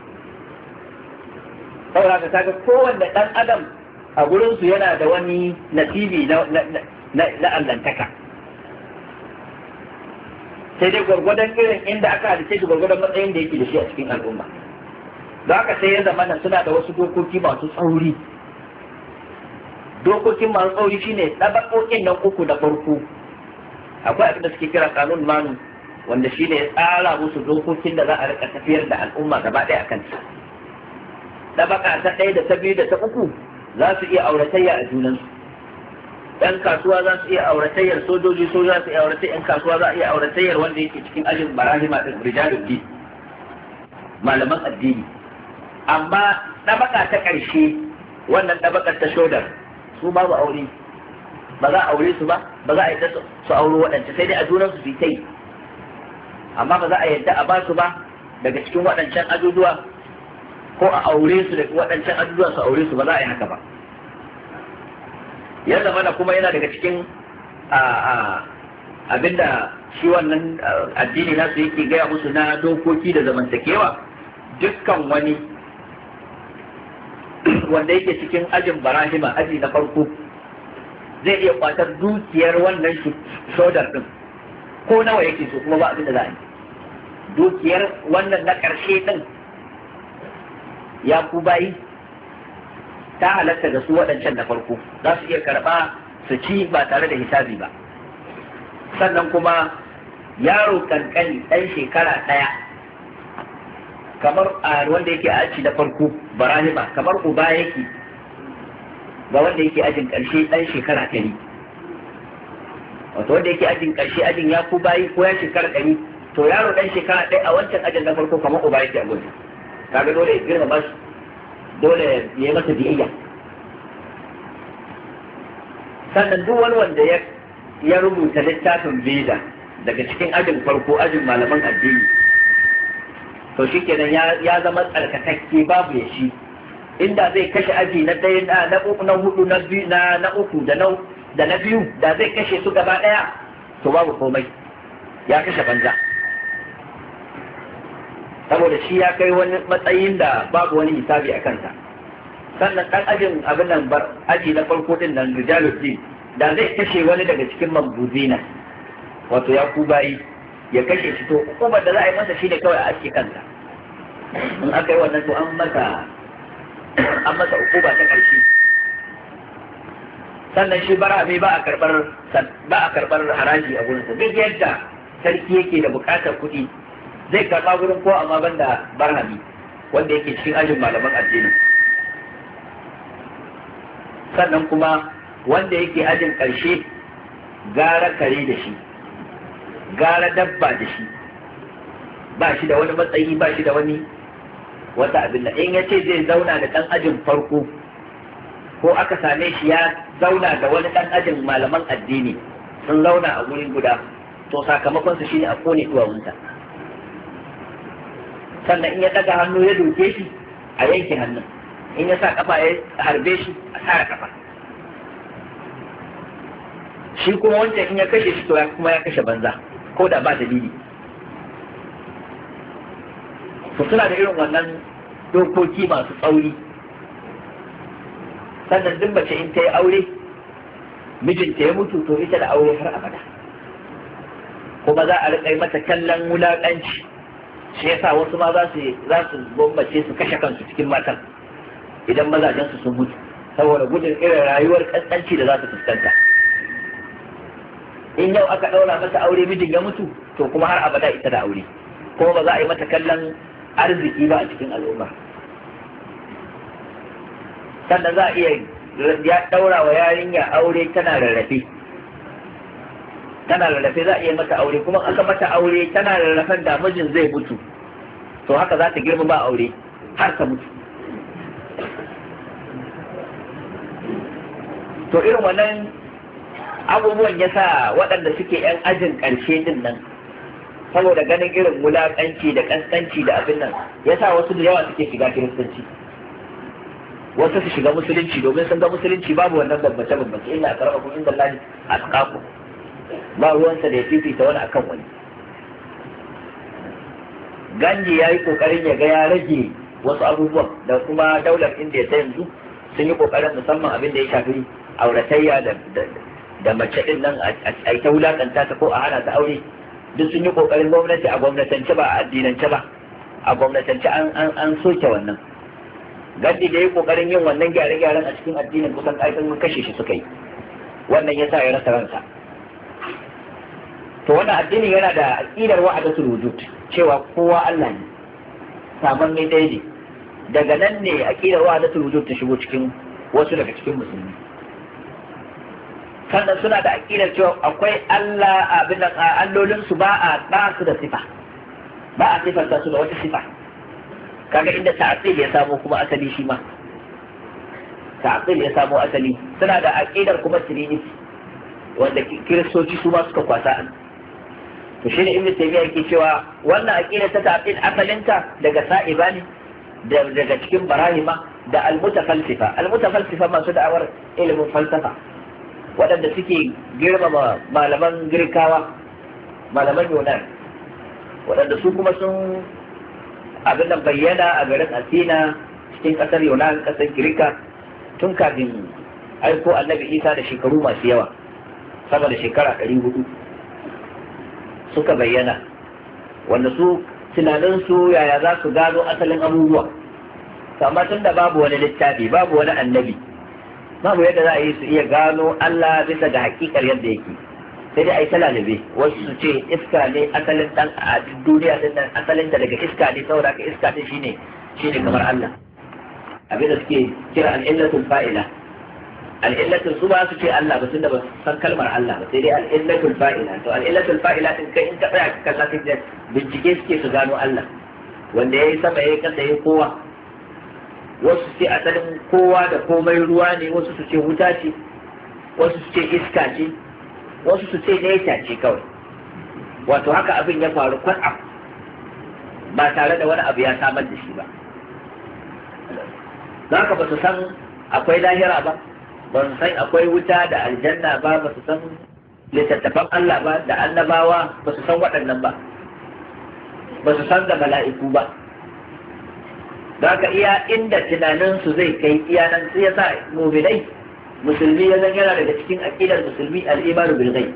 sau haka ga kowanne ɗan adam a gurinsu yana da wani nasibi na allantaka sai dai gwargwadon irin inda aka halice shi gwargwadon matsayin da yake da shi a cikin al'umma za ka sai ya zama suna da wasu dokoki masu tsauri dokokin masu tsauri shine ɗabaƙoƙin nan uku da farko akwai abin da suke kira kanun manu wanda shine ya tsara musu dokokin da za a rika tafiyar da al'umma gaba ɗaya akan su ɗabaƙa ta ɗaya da ta biyu da ta uku za su iya auratayya a junansu ɗan kasuwa za su iya auratayyar sojoji so za su iya auratayyar kasuwa za a iya auratayyar wanda yake cikin ajin barahima ɗin rijalun din malaman addini amma ɗabaka ta ƙarshe wannan ɗabakar ta shodar su babu aure ba za a aure su ba ba za a yadda su auro waɗancan sai dai a junan su fitai amma ba za a yadda a ba su ba daga cikin waɗancan ajujuwa ko a aure su da waɗancan ajujuwa su aure su ba za a yi haka ba ya zama da kuma yana daga cikin abinda shi wannan addini nasu yake gaya musu na dokoki da zamantakewa dukkan wani wanda yake cikin ajin barahima aji na farko zai iya kwatar dukiyar wannan shodar din ko nawa yake so kuma ba abin da za a yi dukiyar wannan na ƙarshe din ya ku bayi ta halatta da su waɗancan na farko za su iya karɓa su ci ba tare da hisabi ba sannan kuma yaro kankani ɗan shekara ɗaya kamar wanda yake aji da farko barahima kamar uba yake ga wanda yake ajin karshe dan shekara ɗari wato wanda yake ajin karshe ajin ya ku bayi ko ya shekara ɗari to yaro dan shekara ɗaya a wancan ajin na farko kamar uba yake a gudu kaga dole ya girma dole ya yi masa biyayya sannan duk wani wanda ya rubuta littafin visa daga cikin ajin farko ajin malaman addini to shi kenan ya zama tsarkakakke babu ya shi inda zai kashe aji na ɗaya na uku na hudu na biyu na uku da na da na biyu da zai kashe su gaba ɗaya to babu komai ya kashe banza saboda shi ya kai wani matsayin da babu wani hisabi a kansa sannan ɗan ajin abin nan bar aji na farko din nan rijaluddin da zai kashe wani daga cikin mambuzina wato ya ku bayi ya kashe shi to kuma da za a yi masa shi ne kawai a aske kanta. in aka yi wannan to an masa an masa hukuma ta ƙarshe sannan shi bara mai ba a karɓar ba a karbar haraji a sa duk yadda sarki yake da buƙatar kuɗi zai karɓa gurin ko amma banda barhami wanda yake cikin ajin malaman addini sannan kuma wanda yake ajin ƙarshe gara kare da shi gara dabba da shi ba shi da wani matsayi ba shi da wani wata abin da in ya ce zai zauna da ɗan ajin farko ko aka same shi ya zauna da wani ɗan ajin malaman addini sun zauna a guri guda to sakamakon su shine a kone duwawunta sannan in ya ɗaga hannu ya doke shi a yanke hannun in ya sa kafa ya harbe shi a tsara kafa shi kuma wancan in ya kashe shi to ya kuma ya kashe banza ko da ba dalili su suna da irin wannan dokoki masu tsauri sannan duk mace in ta yi aure mijinta ya mutu to ita da aure har abada kuma za a riƙa mata kallon wulaƙanci shi yasa wasu ma za su za su gwammace su kashe kansu cikin matan idan mazajensu sun mutu saboda gudun irin rayuwar ƙanƙanci da za su fuskanta in yau aka ɗaura mata aure mijin ya mutu to kuma har abada ita da aure ko ba za a yi mata kallon arziki ba a cikin al'umma sannan za a iya ya ɗaura wa yarinya aure tana rarrafe tana rarrafe za a iya mata aure kuma aka mata aure tana rarrafen da mijin zai mutu to haka za ta girma ba aure har ta mutu to irin wannan abubuwan ya sa waɗanda suke 'yan ajin ƙarshe din nan saboda ganin irin wulaƙanci da ƙasƙanci da abin nan ya sa wasu da yawa suke shiga kiristanci wasu su shiga musulunci domin sun ga musulunci babu wannan bambance bambance illa karɓa inda a asqaku ba ruwansa da ya fifita wani akan wani ganji ya yi ƙoƙarin ya ga ya rage wasu abubuwan da kuma daular inda ya ta yanzu sun yi ƙoƙarin musamman abin da ya shafi auratayya da da mace din nan a ita wulakanta ta ko a hana ta aure duk sun yi kokarin gwamnati a gwamnatance ba a addinance ba a gwamnatance an soke wannan gaddi da yi kokarin yin wannan gyare-gyaren a cikin addinin kusan ƙarfin kashe shi suka yi wannan ya sa ya rasa ransa to wannan addinin yana da aqidar wa'adatul wujud cewa kowa Allah ne saman ne daidai daga nan ne aqidar wa'adatul wujud ta shigo cikin wasu daga cikin musulmi kanda suna da aƙidar cewa akwai Allah abin allolin su ba a ba su da sifa ba a sifanta su da wata sifa kaga inda ta'til ya samo kuma asali shi ma ta'til ya samo asali suna da aƙidar kuma trinity wanda kiristoci su ma suka kwasa an to shine ibnu taymiya yake cewa wannan aqida ta ta'til asalinta daga sa'iba ne daga cikin barahima da almutafalsifa almutafalsifa masu da'awar ilimin falsafa waɗanda suke girmama malaman girkawa malaman yunan waɗanda su kuma sun abin da bayyana a garin athena cikin ƙasar yunan ƙasar girka tun kafin aiko annabi isa da shekaru masu yawa sama da shekara ɗari hudu suka bayyana wanda su tunaninsu yaya za su gano asalin abubuwa amma tun da babu wani littafi babu wani annabi babu yadda za a yi su iya gano Allah bisa ga hakikar yadda yake sai dai a yi ta lalabe wasu su ce iska ne asalin dan a duniya din nan asalin ta daga iska ne saboda ka iska din shine shine kamar Allah abin da suke kira al-illatul fa'ila al-illatul su ba su ce Allah ba tunda ba san kalmar Allah ba sai dai al-illatul fa'ila to al-illatul fa'ila din kai in ka tsaya ka kalla bincike suke su gano Allah wanda yayi sama yayi kasa yayi kowa wasu ce asalin kowa da komai ruwa ne wasu su ce wuta ce wasu su ce iska ce wasu su ce nesa ce kawai wato haka abin ya faru kwan'am ba tare da wani abu ya samar da shi ba za ka ba su san akwai lahira ba ba su san akwai wuta da aljanna ba ba su san littattafan Allah ba da annabawa ba su san waɗannan ba ba su san da mala'iku ba ka iya inda tunaninsu zai kai iya nan sai ya sa dai, musulmi ya zan yana daga cikin aqidar musulmi al-imanu bil ghaib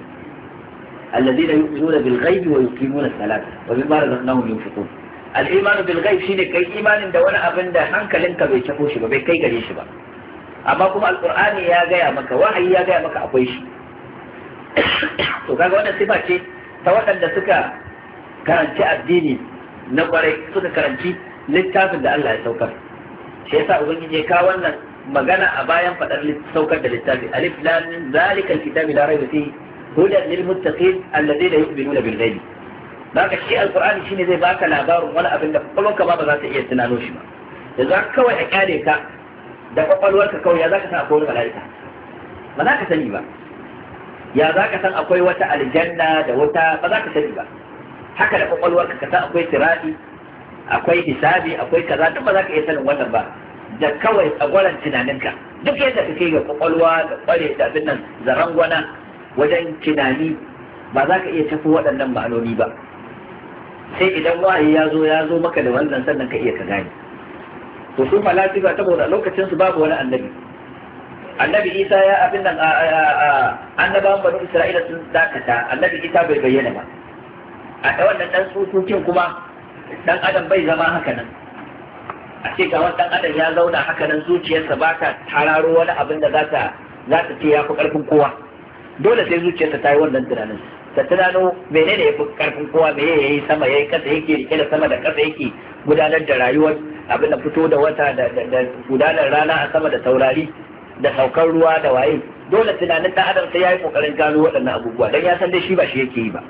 la yu'minuna bil ghaib wa yuqimuna as-salata wa mimma razaqnahum yunfiqun al-imanu bil ghaib shine kai imanin da wani abin da hankalinka bai tafo shi ba bai kai gare shi ba amma kuma alqur'ani ya gaya maka wahayi ya gaya maka akwai shi to kaga wannan sifa ce ta waɗanda suka karanci addini na kwarai suka karanci littafin da Allah ya saukar shi yasa ubangiji ya kawo wannan magana a bayan fadar saukar da littafi alif lam zalikal la fihi hudan lil muttaqin alladheena yu'minuna bil ghaibi baka shi alqur'ani shine zai baka labarin wani abin da ba za ta iya tunano shi ba da za kawai a kyale ka da kwakwalwarka kawai ya za ka san akwai wani mala'ika ba za ka sani ba ya za ka san akwai wata aljanna da wata ba za ka sani ba haka da kwakwalwarka ka san akwai sirati akwai hisabi akwai kaza duk ba za ka iya sanin wannan ba da kawai tsagwaran tunaninka duk yadda kake ga kwakwalwa da kware da abin nan zarangwana wajen tunani ba za ka iya tafi waɗannan ma'anoni ba sai idan wahayi ya zo ya zo maka da wannan sannan ka iya ka gane to su ta bauta lokacin su babu wani annabi annabi isa ya abin nan annabawan banu isra'ila sun dakata annabi isa bai bayyana ba a wannan dan tsutsukin kuma dan adam bai zama haka nan a ce ga wani dan adam ya zauna haka nan zuciyarsa ba ta tararo wani abin da za ta ce ya fi karfin kowa dole sai zuciyarsa ta yi wannan tunanin ta tunano menene ya fi karfin kowa me ya yi sama ya yi kasa yake rike da sama da kasa yake gudanar da rayuwar abin da fito da wata da gudanar rana a sama da taurari da saukar ruwa da waye dole tunanin dan adam sai ya yi kokarin gano waɗannan abubuwa dan ya san dai shi ba shi yake yi ba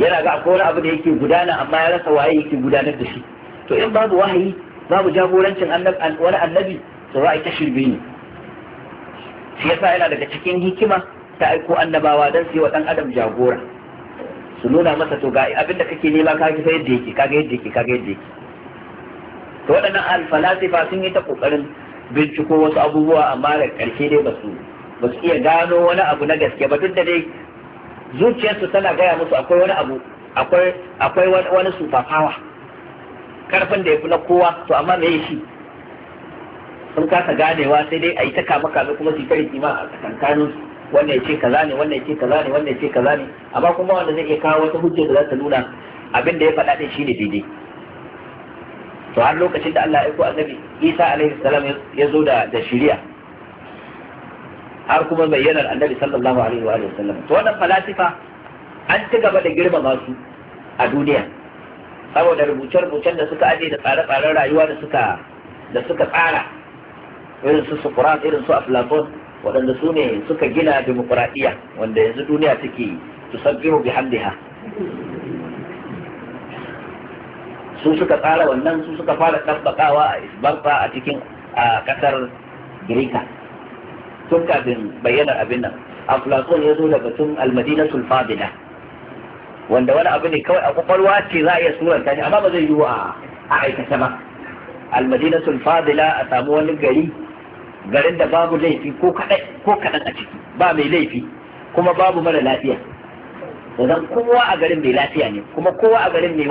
yana ga akwai wani abu da yake gudana amma ya rasa waye yake gudanar da shi to in babu wahayi babu jagorancin wani annabi to za a ta shirbe ni shi yasa yana daga cikin hikima ta aiko annabawa dan su yi wa ɗan adam jagora su nuna masa to ga abin da kake nema ka ga yadda yake kaga yadda yake kaga yadda yake to waɗannan alfalasifa sun yi ta kokarin binciko wasu abubuwa amma da ƙarshe dai ba su ba su iya gano wani abu na gaske ba duk da dai zuciyarsu tana gaya musu akwai wani abu akwai akwai wani superpower karfin da ya fi na kowa to amma me shi sun kasa ganewa sai dai a yi ta kama kame kuma su kare kima a tsakankanin wannan ya ce kaza ne wannan ya ce kaza ne wannan ya ce kaza ne amma kuma wanda zai iya kawo wata hujja da za ta nuna abin da ya faɗa ɗin shine daidai to har lokacin da Allah ya ko annabi Isa alaihi salam ya zo da da shari'a har kuma bayyanar annabi sallallahu alaihi wa sallam to wannan falasifa an ci gaba da girmama su a duniya saboda rubuce-rubucen da suka aje da tsare-tsaren rayuwa da suka da suka tsara irin su Sukura irin su Aflatun waɗanda su ne suka gina demokuraɗiyya wanda yanzu duniya take bi bihamdiha su suka tsara wannan su suka fara tabbakawa a isbarta a cikin a ƙasar Girika tun kafin bayyana abin nan aflatun ya zo da batun almadinatul fadila wanda wani abu ne kawai a kwakwalwa ce za a iya suranta ne amma ba zai yi wa a aikata ba almadinatul fadila a samu wani gari garin da babu laifi ko kaɗan a ciki ba mai laifi kuma babu mara lafiya idan kowa a garin mai lafiya ne kuma kowa a garin mai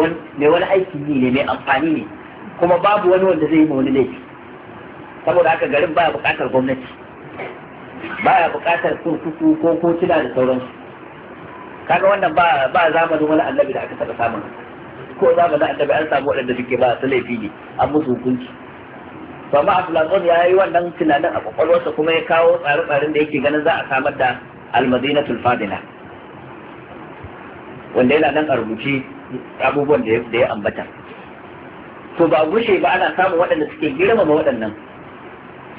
wani aiki ne mai amfani ne kuma babu wani wanda zai yi ma wani laifi saboda haka garin baya buƙatar gwamnati Ba ya buƙatar kurkuku ko kotuna da sauransu kaga wannan ba ba zamanin wani annabi da aka taɓa samun ko zamanin annabi an samu waɗanda suke ba su laifi ne an musu hukunci to amma Aflatun ya yi wannan tunanin a kwakwalwarsa kuma ya kawo tsare-tsaren da yake ganin za a samar da almadina tulfadina wanda yana nan a rubuce abubuwan da ya ambata to ba gushe ba ana samun waɗanda suke girmama waɗannan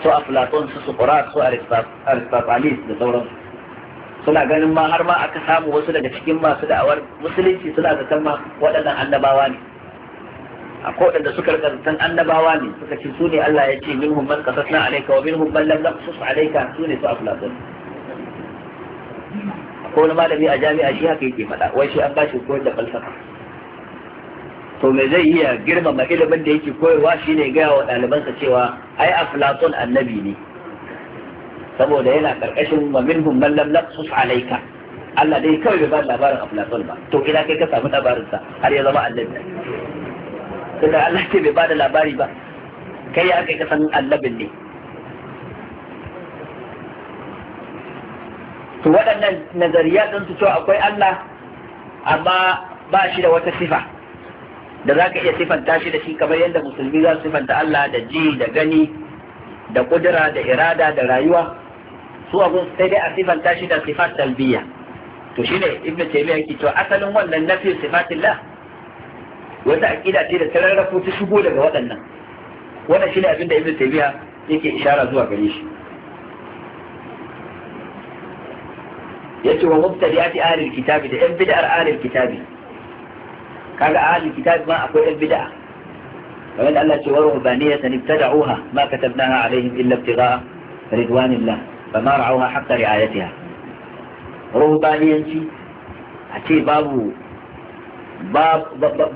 su aflatun su sukurat su aristotelis da sauran suna ganin ma har ma aka samu wasu daga cikin masu da'awar musulunci suna da ma waɗannan annabawa ne akwai da suka rika annabawa ne suka ce su ne Allah ya ce minhum man na alaika wa minhum man su su alaika su ne su aflatun akwai wani malami a jami'a shi haka yake faɗa wai shi an bashi koyar da falsafa to me zai iya girmama ilimin da yake koyarwa shine gaya wa ɗalibansa cewa ai aflatun annabi ne saboda yana karkashin wa minhum man lam naqsus alayka Allah dai kawai bai ba labarin aflatun ba to ina kai ka samu labarin sa har ya zama annabi tunda Allah ke bai ba da labari ba kai ya kai ka san annabin ne to waɗannan nazariya din su cewa akwai Allah amma ba shi da wata sifa da za ka iya sifanta shi da shi kamar yadda musulmi za su sifanta Allah da ji da gani da kudura da irada da rayuwa su abun sai dai a sifanta shi da sifat talbiya to shine ibnu taymiya yake cewa asalin wannan nafi sifatillah wata aqida ce da ta rarrafo ta shigo daga waɗannan wannan shine abin da ibnu taymiya yake ishara zuwa gare shi yace wa mubtadi'ati ahlil kitabi da yan bid'ar ahlil kitabi kaga ahli kitab ma akwai yan bid'a kamar Allah ce wa ruhbaniyya san ibtada'uha ma katabnaha alaihim illa ibtigha'a ridwanillah fama ra'awha haqqa ri'ayatiha ruhbaniyanci a ce babu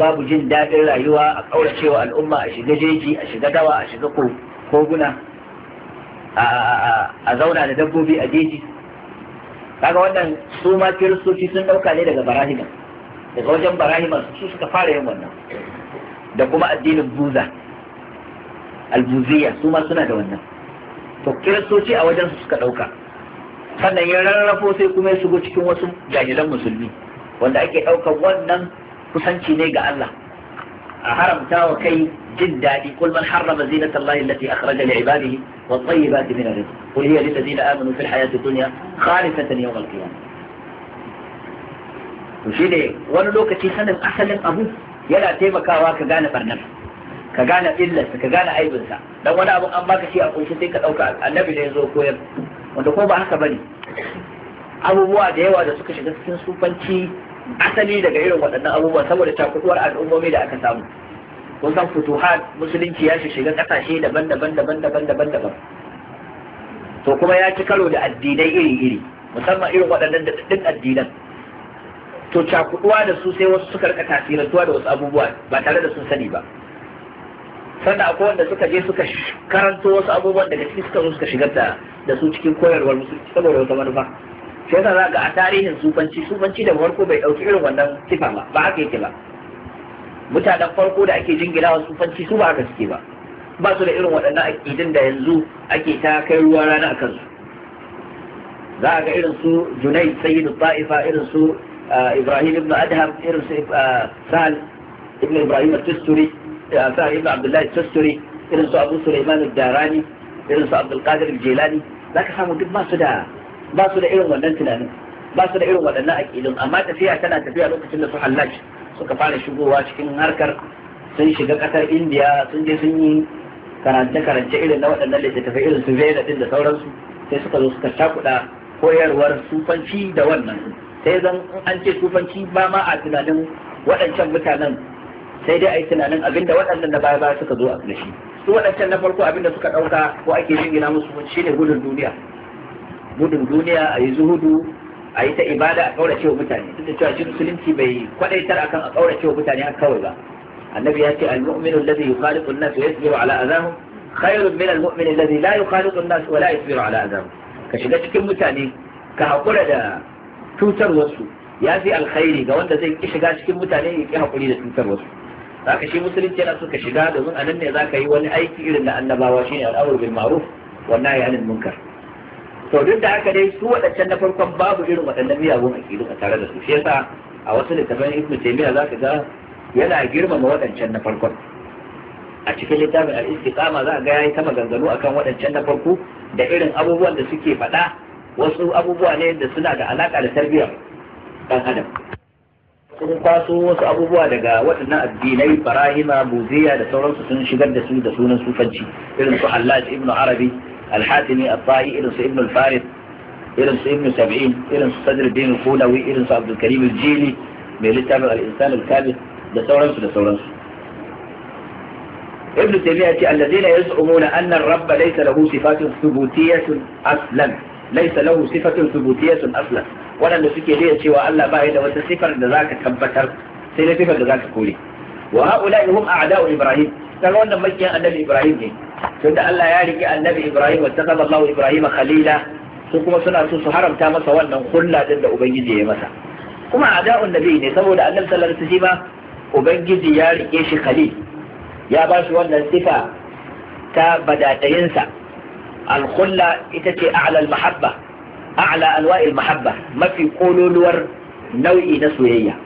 babu jin daɗin rayuwa a ƙauracewa al'umma a shiga jeji a shiga dawa a shiga koguna a zauna da dabbobi a jeji kaga wannan su ma kiristoci sun ɗauka ne daga barahima. daga wajen barahi masu su suka fara yin wannan da kuma addinin buza albuziya su ma suna da wannan to kiristoci a wajen su suka dauka sannan ya rarrafo sai kuma ya shigo cikin wasu jajiran musulmi wanda ake ɗaukar wannan kusanci ne ga Allah a haramta wa kai jin daɗi kul man harrama zinata Allah allati akhraja li ibadihi wa tayyibati min ar rizq qul hiya lil ladina amanu fil hayati dunya khalisatan yawm al qiyamah to shi ne wani lokaci sanin asalin abu yana taimakawa ka gane barnar ka gane illarsa ka gane aibinsa dan wani abu an baka shi a kunshi sai ka dauka annabi ya zo koyar wanda ko ba haka bane abubuwa da yawa da suka shiga cikin sufanci asali daga irin waɗannan abubuwa saboda cakuduwar al'ummomi da aka samu kun san futuhat musulunci ya shiga ƙasashe daban-daban daban-daban daban-daban to kuma ya ci karo da addinai iri-iri musamman irin waɗannan da ɗin addinan to cakuduwa da su sai wasu suka rika tasirantuwa da wasu abubuwa ba tare da sun sani ba sannan akwai wanda suka je suka karanto wasu abubuwan daga ciki suka zo suka shigar da su cikin koyarwar musu saboda wata manufa sai yasa za ga a tarihin sufanci sufanci da farko bai dauki irin wannan sifa ba ba haka yake ba mutanen farko da ake jingina wa sufanci su ba haka suke ba ba su da irin waɗannan aƙidin da yanzu ake ta kai ruwa rana a kansu za a ga irin su junai sayyidu ta'ifa irin su إبراهيم بن أدهم إرس سهل ابن إبراهيم التستري سهل ابن عبد الله التستري إرس أبو سليمان الداراني إرس عبد القادر الجيلاني ذاك سامو دب ما سدى ما سدى إيرن ولن تنانو ba su da irin waɗannan aƙidun amma tafiya tana tafiya lokacin da su hallaj suka fara shigowa cikin harkar sun shiga ƙasar indiya sun je sun yi karance-karance irin na waɗannan littattafai irin su zai da sauransu sai suka zo suka cakuɗa koyarwar sufanci da wannan sai zan an ce sufanci ba ma a tunanin waɗancan mutanen sai dai a yi tunanin abinda waɗannan na baya baya suka zo a da shi su waɗancan na farko abinda suka ɗauka ko ake jingina musu ne gudun duniya gudun duniya a yi zuhudu a yi ta ibada a ƙaurace cewa mutane duk da cewa shi musulunci bai kwadaitar akan a ƙaurace cewa mutane haka kawai ba annabi ya ce al-mu'minu alladhi yukhaliqu an-nas wa yasbiru ala adahum khairun min al-mu'min alladhi la yukhaliqu an-nas wa la yasbiru ala adahum ka shiga cikin mutane ka haƙura da cutarwarsu ya fi alkhairi ga wanda zai ki shiga cikin mutane ya ki hakuri da cutarwarsu zaka shi musulunci yana so ka shiga domin anan ne zaka yi wani aiki irin da annabawa shine al'amr bil ma'ruf wa nahy anil munkar to duk da haka dai su waɗancan na farkon babu irin waɗannan miyagun aqidu a tare da su shi yasa a wasu littafan ibnu taymiya zaka ga yana girmama wadannan na farkon a cikin littafin al-istiqama za ga yayi ta maganganu akan wadannan na farko da irin abubuwan da suke faɗa wasu abubuwa ne da suna da alaka da tarbiyyar dan adam sun kwaso wasu abubuwa daga waɗannan addinai farahima buziya da sauransu sun shigar da su da sunan sufanci irin su hallaj ibnu arabi al-hatimi al-tahi irin su ibnu al-farid irin su ibnu sab'in irin su sadr din al irin su abdul karim al-jili mai littafin al-insan al-kabir da sauransu da sauransu ibnu taymiya ce alladhina yaz'umuna anna ar-rabb laysa lahu sifatun thubutiyyah aslan laysa lahu sifatun thubutiyyatun aslan wadanda suke da cewa Allah ba da wata sifar da zaka tabbatar sai da sifar da zaka kore wa haula'i hum a'da'u ibrahim kaga wannan makiyan annabi ibrahim ne tunda Allah ya riki annabi ibrahim wa takaza ibrahim khalila su kuma suna so su haramta masa wannan hulla din da ubangiji ya yi masa kuma a'da'un nabi ne saboda annabi sallallahu alaihi wasallam ubangiji ya rike shi khalil ya ba shi wannan sifa ta badadayinsa الخلة إتتي أعلى المحبة أعلى أنواع المحبة ما في قولوا نور نوئي نسوية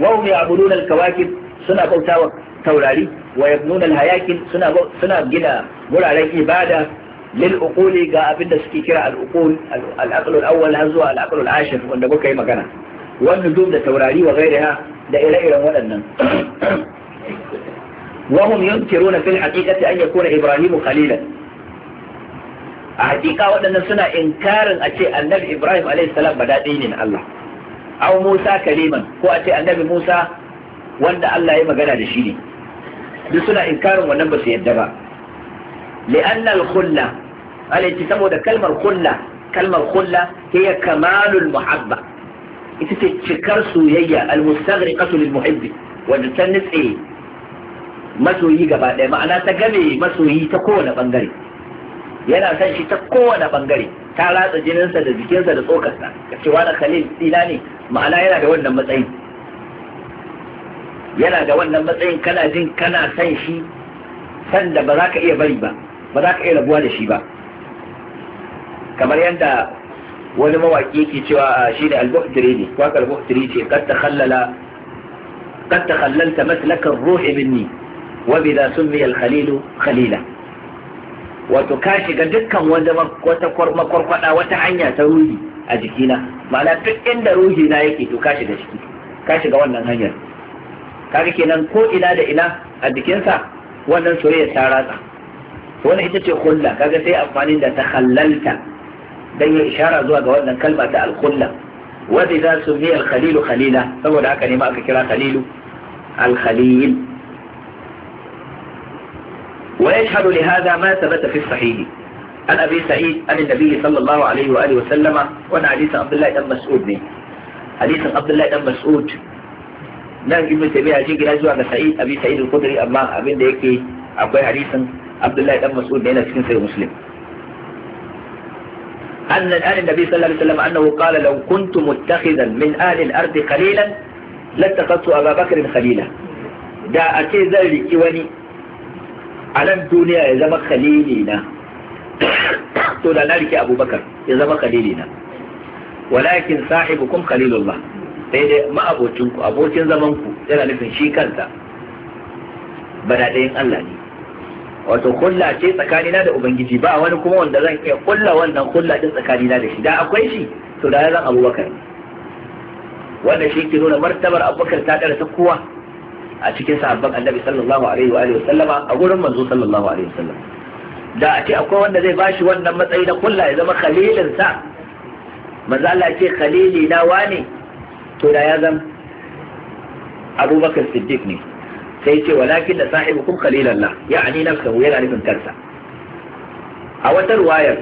وهم يعبدون الكواكب سنة قوتا وتولالي ويبنون الهياكل سنة سنة جنا مر عليك إبادة للأقول جاء بنا سكيكرا الأقول العقل الأول هزوى العقل العاشر وأن نقول كي مكانا والنجوم لتولالي وغيرها لإلى إلى مولدنا وهم ينكرون في الحقيقة أن يكون إبراهيم خليلاً a hakika waɗannan suna inkarin a ce annabi ibrahim alaihi ba daɗi ne na Allah Au musa kaliman ko a ce annabi musa wanda Allah ya magana da shi ne duk suna inkarin wannan ba su yadda ba li'anna al-khulla saboda kalmar khulla kalmar khulla hiya kamalul muhabba ita ce cikar soyayya al-mustaghriqatu lil muhibbi wanda ta nitse masoyi gaba ɗaya ma'ana ta game masoyi ta kowane bangare yana son shi ta kowane bangare ta ratsa jininsa da jikinsa da tsokarsa ka ce wani khalil tsina ne ma'ana yana da wannan matsayin yana da wannan matsayin kana jin kana son shi san da ba za ka iya bari ba ba za ka iya rabuwa da shi ba kamar yadda wani mawaki yake cewa ah, shi ne albuhtiri ne wakar albuhtiri ce kad takhallala kad takhallalta maslakar ruhi minni wa bidha sumiya al-khalilu khalila wato ka shiga dukkan wanda wata makwarkwada wata hanya ta ruhi a jikina ma'ana duk inda ruhi na yake to ka shiga ciki ka shiga wannan hanyar kaga kenan ko ina da ina a jikinsa wannan soyayya ta ratsa wannan ita ce hulla kaga sai amfani da ta halalta dan ya ishara zuwa ga wannan kalma ta al-hulla wa idza sumiya al-khalilu khalila saboda haka ne ma aka kira khalilu al-khalil ويجحد لهذا ما ثبت في الصحيح عن أبي سعيد عن النبي صلى الله عليه وآله وسلم وانا حديث عبد الله بن مسعود ne hadisin Abdullahi dan Mas'ud nan Ibn Taymiyyah shi gida zuwa ga Sa'id Abi Sa'id al-Khudri amma abin da yake akwai hadisin Abdullahi dan Mas'ud da yana cikin Sahih Muslim أن الآن النبي sallallahu الله عليه وسلم أنه قال لو كنت متخذا من أهل الأرض قليلا لاتخذت أبا بكر khalila da a ce zan riki wani a nan duniya ya zama khalili na to da na rike abubakar ya zama khalili na walakin sahibukum khalilullah sai dai ma'abocin ku abokin zaman ku yana nufin shi kansa bada ɗayan Allah ne wato kulla ce tsakanina da ubangiji ba wani kuma wanda zan iya kulla wannan kulla din tsakanina da shi da akwai shi to da ya zan abubakar wanda shi ke nuna martabar abubakar ta ɗara ta kowa a cikin sahabban annabi sallallahu alaihi wa alihi sallama a gurin manzo sallallahu alaihi wasallam da a ce akwai wanda zai bashi wannan matsayi na kulla ya zama khalilin sa manzo Allah ce khalili na wane to da ya zama Abubakar Siddiq ne sai ce walakin da sahibukum khalilallah ya'ani nafsahu yana nufin kansa a wata ruwayar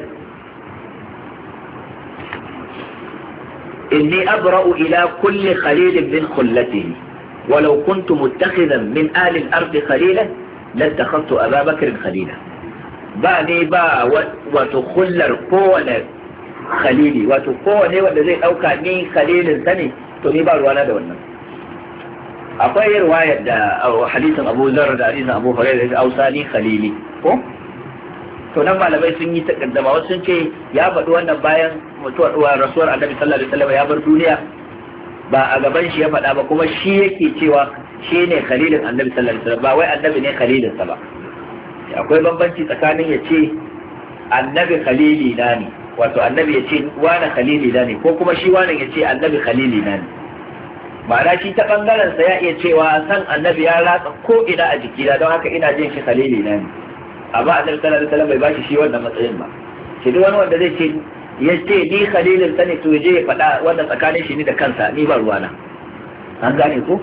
inni abra'u ila kulli khalilin min khullatihi ولو كنت متخذا من آل الأرض خليلا لاتخذت أبا بكر خليلا باني با وتخلر قوة خليلي وتقوة ne wanda zai ɗauka ni khalilin sa ne to ni ba ruwana da wannan akwai riwayar da hadisin Abu da hadisin Abu Hurairah da Ausani khalili ko to nan malamai sun yi takaddama wasu sun ce ya faɗi wannan bayan mutuwar rasuwar annabi sallallahu alaihi wasallam ya bar duniya ba a gaban shi ya faɗa ba kuma shi yake cewa shi ne khalilin annabi sallallahu alaihi wasallam ba wai annabi ne khalilinsa ba akwai bambanci tsakanin ya ce annabi khalili na ne wato annabi ya ce wani khalili na ne ko kuma shi wani ya ce annabi khalili na ne ma'ana shi ta bangaren sa ya iya cewa san annabi ya ratsa ko ina a jikina don haka ina jin shi khalili na ne amma annabi sallallahu alaihi wasallam bai bashi shi wannan matsayin ba shi duk wani wanda zai ce ya ce ni khalilin ta ne to je ya faɗa wanda tsakanin shi ni da kansa ni ba ruwana an gane ko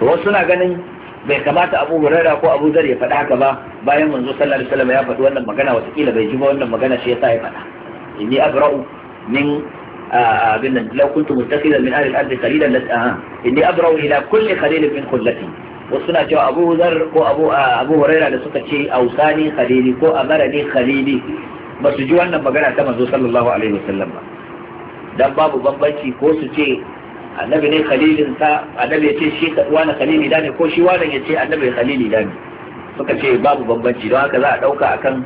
to wasu na ganin bai kamata abu hurara ko abu zar ya faɗa haka ba bayan manzo sallallahu alaihi wasallam ya faɗi wannan magana Wataƙila bai ji ba wannan magana shi yasa ya faɗa inni abra'u min abin nan law kuntu muttakilan min ahli al-ardi qalilan la inni abra'u ila kulli khalilin min khullati wasu na cewa abu zar ko abu abu huraira da suka ce ausani khalili ko amarani khalili ba su ji wannan magana ta manzo sallallahu alaihi wasallam ba dan babu bambanci ko su ce annabi ne khalilin sa annabi ya ce shi wani khalili da ne ko shi wani ya ce annabi khalili da ne suka ce babu bambanci don haka za a dauka akan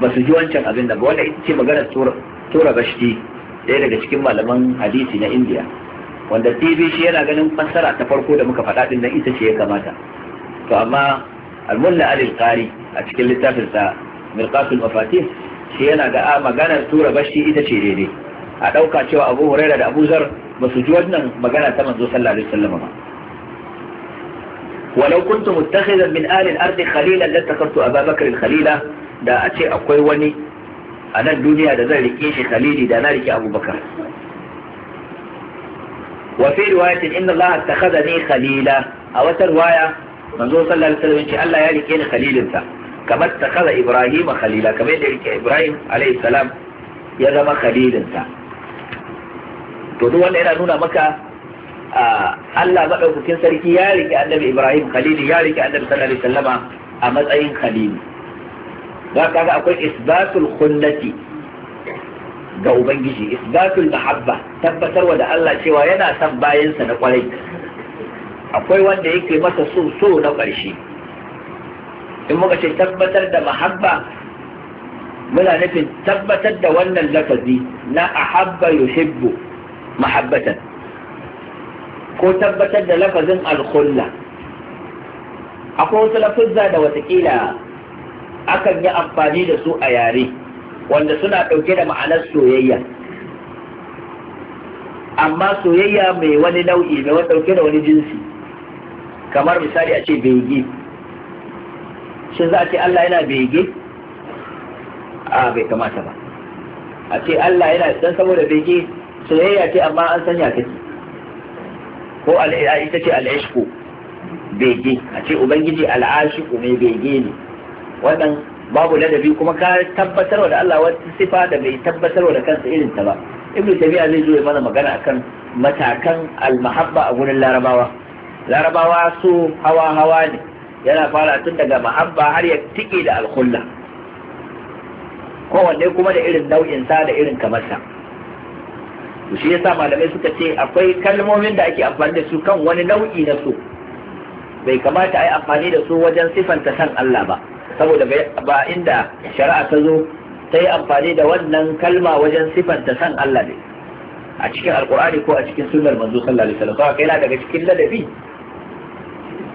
ba su ji wancan abin da ba wanda ita ce magana tura bashti ɗaya daga cikin malaman hadisi na indiya wanda tv shi yana ganin fassara ta farko da muka faɗa din nan ita ce ya kamata to amma almulla alil qari a cikin littafin sa mirqatul mafatih shi yana ga maganar tura bashi ita ce daidai a ɗauka cewa abu huraira da abu zar ba ji wannan magana ta manzo sallallahu alaihi wasallam ba walau kuntum muttakhidan min ali al-ardi khalilan lattakhadtu Abu Bakr khalila da a ce akwai wani a nan duniya da zan rike shi khalili da na rike abubakar. wa fi riwayatin inna Allah takhadani khalila a wata riwaya manzo sallallahu alaihi wasallam ce Allah ya rike ni khalilinsa kamar takhadha Ibrahim khalila kamar yadda rike Ibrahim alaihi salam ya zama khalilinsa to duk yana nuna maka Allah madaukakin sarki ya rike annabi Ibrahim khalili ya rike annabi sallallahu alaihi wasallama a matsayin khalili za akwai isbatul khullati ga ubangiji isbatul mahabba tabbatarwa da Allah cewa yana son bayansa na kwarai akwai wanda yake masa so so na ƙarshe in muka ce tabbatar da mahabba muna nufin tabbatar da wannan lafazi na ahabba yuhibbu mahabbatan ko tabbatar da lafazin alkhulla akwai wasu lafuzza da watakila akan yi amfani da su a yare wanda suna ɗauke da ma'anar soyayya amma soyayya mai wani nau'i mai wani ɗauke da wani jinsi kamar misali a ce bege shin za a ce Allah yana bege a bai kamata ba a ce Allah yana dan saboda bege soyayya ce amma an sanya take ko ita ce al'ishku bege a ce ubangiji al'ashiku mai bege ne wannan babu ladabi kuma ka tabbatar da Allah wata sifa da bai tabbatar da kansa irin ta ba ibnu tabi'a zai zo ya mana magana akan matakan Al-Mahabba a gurin larabawa larabawa su hawa hawa ne yana fara tun daga mahabba har ya tike da al alkhulla kowanne kuma da irin nau'in sa da irin kamarsa shi yasa malamai suka ce akwai kalmomin da ake amfani da su kan wani nau'i na su, bai kamata a yi amfani da su wajen sifanta san Allah ba saboda ba inda shari'a ta zo ta yi amfani da wannan kalma wajen sifanta san Allah ne a cikin alkur'ani ko a cikin sunnar manzo sallallahu alaihi wasallam kai yana daga cikin ladabi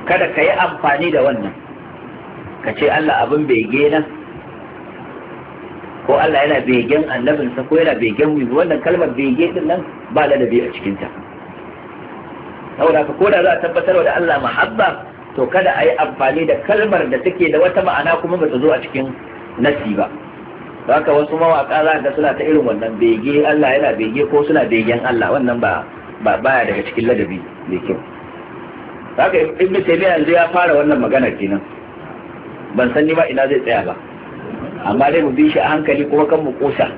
kada ka yi amfani da wannan ka ce Allah abin bege na ko Allah yana begen sa ko yana begen mu wannan kalmar bege din nan ba ladabi a cikinta saboda ko da za a tabbatar da Allah mahabba to kada a yi amfani da kalmar da take da wata ma'ana kuma ba ta zo a cikin nasi ba haka wasu mawaka za ga suna ta irin wannan bege Allah yana bege ko suna begen Allah wannan ba ba baya daga cikin ladabi mai kyau haka ibnu taymiya yanzu ya fara wannan magana kenan ban san ni ma ina zai tsaya ba amma dai mu bi shi a hankali kuma kan mu kosa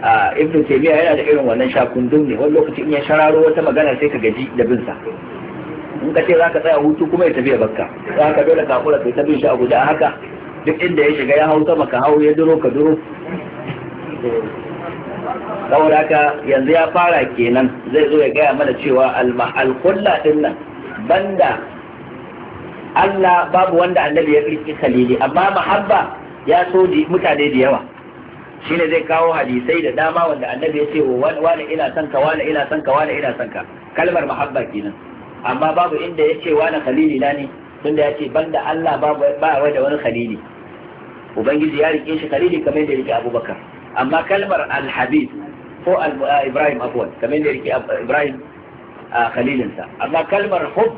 a ibnu taymiya yana da irin wannan shakundun ne wani lokaci in ya shararo wata magana sai ka gaji da bin sa in ka ce za ka tsaya hutu kuma ya tafi ya bakka za ka dole kafura ta bin shi a guda haka duk inda ya shiga ya hau sama ka hau ya duro ka duro saboda haka yanzu ya fara kenan zai zo ya gaya mana cewa al-kulla din nan banda Allah babu wanda annabi ya kirki kalili amma mahabba ya so mutane da yawa shine zai kawo hadisai da dama wanda annabi ya ce wa wani ina son ka wani ina son wani ina son ka kalmar mahabba kenan amma babu inda ya ce wani khalili na ne tunda ya ce banda Allah babu ba wai da wani khalili ubangiji ya rike shi khalili kamar yadda rike Abubakar amma kalmar al-habib ko ah, Ibrahim afwan kamar da rike Ibrahim a ah, khalilinsa amma kalmar hub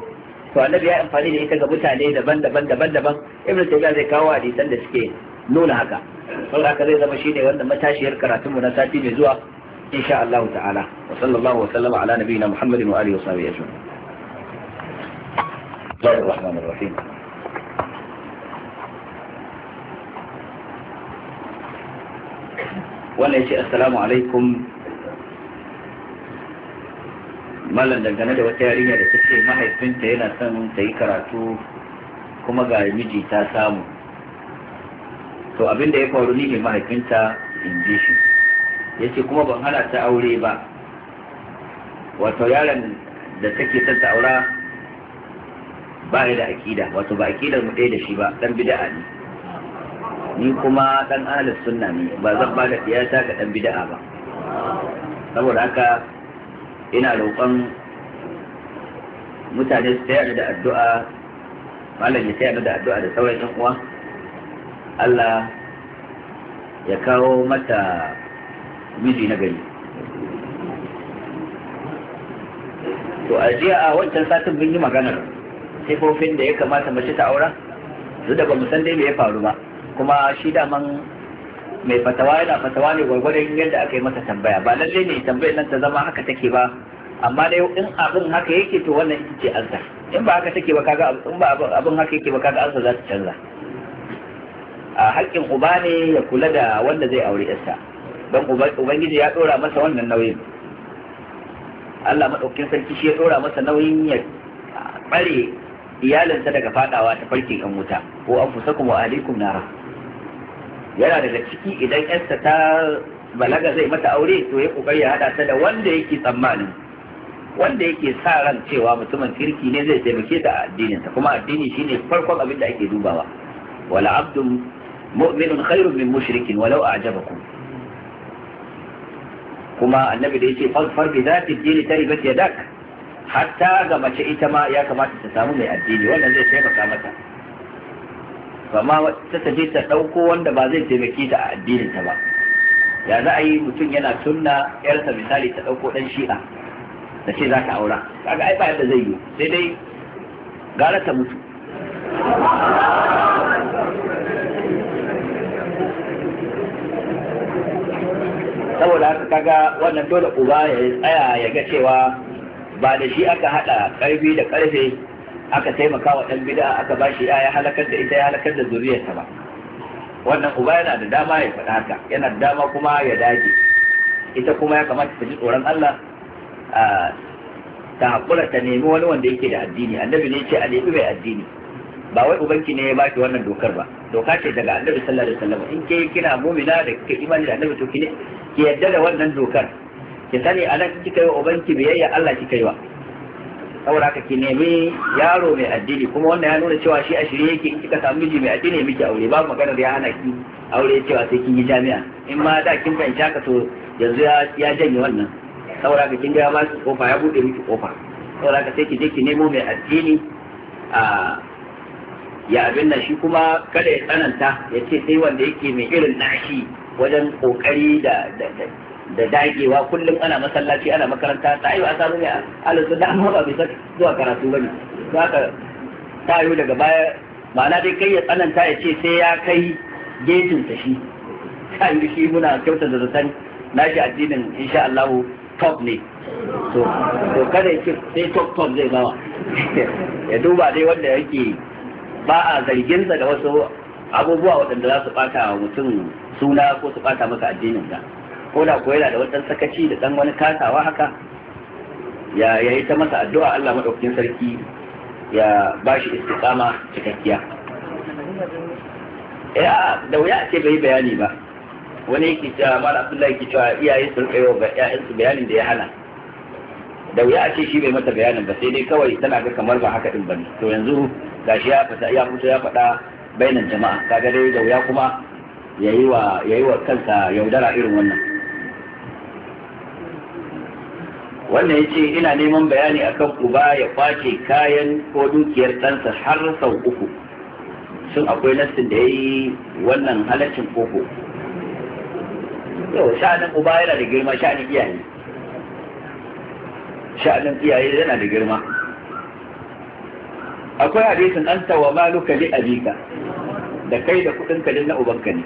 to annabi ya amfani da ita ga mutane daban-daban daban-daban ibnu taymiya zai kawo hadisan da suke nuna haka saboda haka zai zama shi ne wanda matashiyar karatun mu na sati mai zuwa insha Allah ta'ala wa sallallahu wa sallama ala nabiyina Muhammadin wa alihi wa sahbihi ajma'in الله الرحمن الرحيم wannan ya ce assalamu alaikum malam dangane da wata yarinya da ta ce mahaifinta yana son ta yi karatu kuma ga miji ta samu to abinda ya faru ni mahaifinta in ji shi ya ce kuma ban hana ta aure ba wato yaron da take son ta aura ba da akida wato ba akidar mu ɗaya da shi ba dan bid'a ne ni kuma ɗan ahlus sunna ne ba zan ba da fiyata ga dan bid'a ba saboda haka ina roƙon mutane su tayar da addu'a malam ya tayar da addu'a da sauran yan uwa Allah ya kawo mata miji na gari to a jiya a wancan satin bin yi maganar sifofin da ya kamata mace ta aura su da bamu san dai me ya faru ba kuma shi daman mai fatawa yana fatawa ne gwargwadon yadda aka yi masa tambaya ba lallai ne tambayar nan ta zama haka take ba amma dai in abin haka yake to wannan ita ce ansa in ba haka take ba kaga in ba abin haka yake ba kaga azza za ta canza a haƙƙin uba ne ya kula da wanda zai aure yarsa don ubangiji ya ɗora masa wannan nauyin Allah maɗaukin sarki shi ya ɗora masa nauyin ya ɓare. iyalinsa daga fadawa ta farkin yan wuta ko an fusa kuma alaikum nara yana daga ciki idan yarsa ta balaga zai mata aure to ya kokari ya hada ta da wanda yake tsammanin wanda yake sa ran cewa mutumin kirki ne zai taimake ta a addininsa kuma addini shine farkon abin da ake dubawa wala abdun mu'minun khairun min mushrikin walau a'jabakum kuma annabi da yace fadfar bi zati dini yi yadak hatta ga mace ita ma ya kamata ta samu mai addini wannan zai taimaka mata amma ta tafi ta ɗauko wanda ba zai taimake ta a addinin ta ba ya za a yi mutum yana sunna yarsa misali ta ɗauko ɗan shi'a da ce za ta aura kaga ai ba yadda zai yi sai dai gara ta mutu saboda haka kaga wannan dole uba ya tsaya ya ga cewa ba da shi aka hada karfi da karfe aka taimaka wa dan bid'a aka ba shi ya halakar da ita ya halakar da zuriyarta ba wannan uba yana da dama ya faɗa haka yana da dama kuma ya dage ita kuma ya kamata ta ji tsoron Allah ta hakura ta nemi wani wanda yake da addini annabi ne ce a nemi mai addini ba wai ubanki ne ya baki wannan dokar ba doka ce daga annabi sallallahu alaihi wasallam in ke kina mu'mina da kike imani da annabi to ki ne ki yadda da wannan dokar ki sani a nan kika yi ubanki biyayya Allah kika yi wa saboda haka ki nemi yaro mai addini kuma wannan ya nuna cewa shi a shirye yake in kika samu miji mai addini miki aure babu maganar ya hana ki aure cewa sai kin yi jami'a in ma da kin fahimci haka to yanzu ya janye wannan saboda haka kin ga ma ki kofa ya bude miki kofa saboda haka sai ki je ki nemo mai addini a ya abin nan shi kuma kada ya tsananta ya ce sai wanda yake mai irin nashi wajen kokari da da dagewa kullum ana masallaci ana makaranta ta yi a samu ne a da amma ba bisa zuwa karatu ba ne za ka tayo daga baya ma'ana dai kai ya tsananta ya ce sai ya kai gejin ta shi ta yi shi muna kyauta da zaton nashi addinin insha Allah top ne to kada ya sai top top zai bawa ya duba dai wanda yake ba a zarginsa da wasu abubuwa waɗanda za su ɓata mutum suna ko su ɓata maka addinin ka ko da ko yana da wani sakaci da dan wani kasawa haka ya yi ta masa addu'a Allah madaukakin sarki ya ba shi istiqama cikakkiya ya da wuya ce bai bayani ba wani yake cewa mala abdullahi yake cewa iyaye sun kaiwa ga ga su bayanin da ya hana da wuya a ce shi bai mata bayanin ba sai dai kawai tana ga kamar ba haka din bane to yanzu gashi ya fita ya fito ya fada bainan jama'a kaga dai da wuya kuma yayi wa yayi wa kansa yaudara irin wannan wannan ya ce ina neman bayani akan uba ya kwace kayan ko dukiyar ɗansa har sau uku sun akwai nassin da ya yi wannan halaccin koko yau sha'anin uba yana da girma sha'anin iyaye sha'anin iyaye yana da girma akwai hadisin an tawa maluka li abika da kai da kudin kalin na ubanka ne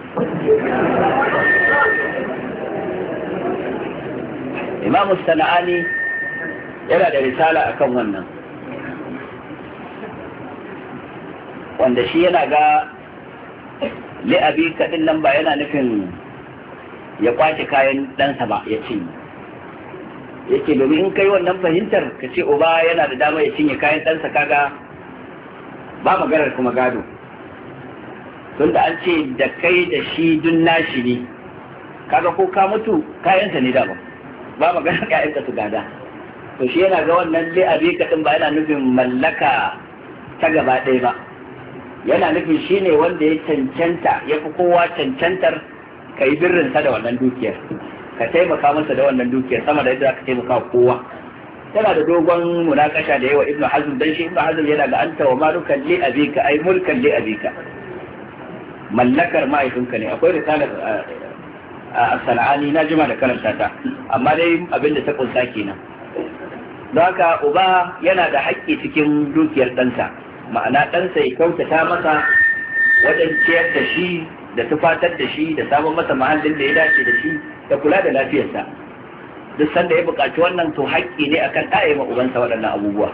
imam sana'ani yana da risala akan wannan wanda shi yana ga li'abi kaɗin nan ba yana nufin ya kwace kayan ɗansa ba ya cinye yake domin in kai wannan fahimtar ka ce uba yana da dama ya cinye kayan ɗansa kaga ba maganar kuma gado tunda an ce da kai da shi dun nashi ne kaga ko ka mutu kayansa ne ba? ba magana ƴaƴanka su gada to shi yana ga wannan li abika din ba yana nufin mallaka ta gaba ɗaya ba yana nufin shi ne wanda ya cancanta ya fi kowa cancantar ka yi birrinsa da wannan dukiyar ka taimaka masa da wannan dukiyar sama da yadda ka taimaka kowa tana da dogon munakasha da yawa ibnu hazm dan shi ibnu hazm yana ga anta wa malukan li abika ai mulkan li abika mallakar ma'aikinka ne akwai risalar a salani na jima da karanta ta amma dai abin da ta kunsa kenan don haka uba yana da haƙƙi cikin dukiyar ɗansa ma'ana ɗansa ya kyautata masa wajen ciyar da shi da tufatar da shi da samun masa muhallin da ya dace da shi da kula da lafiyarsa duk sanda ya buƙaci wannan to haƙƙi ne akan ɗaya ma ubansa waɗannan abubuwa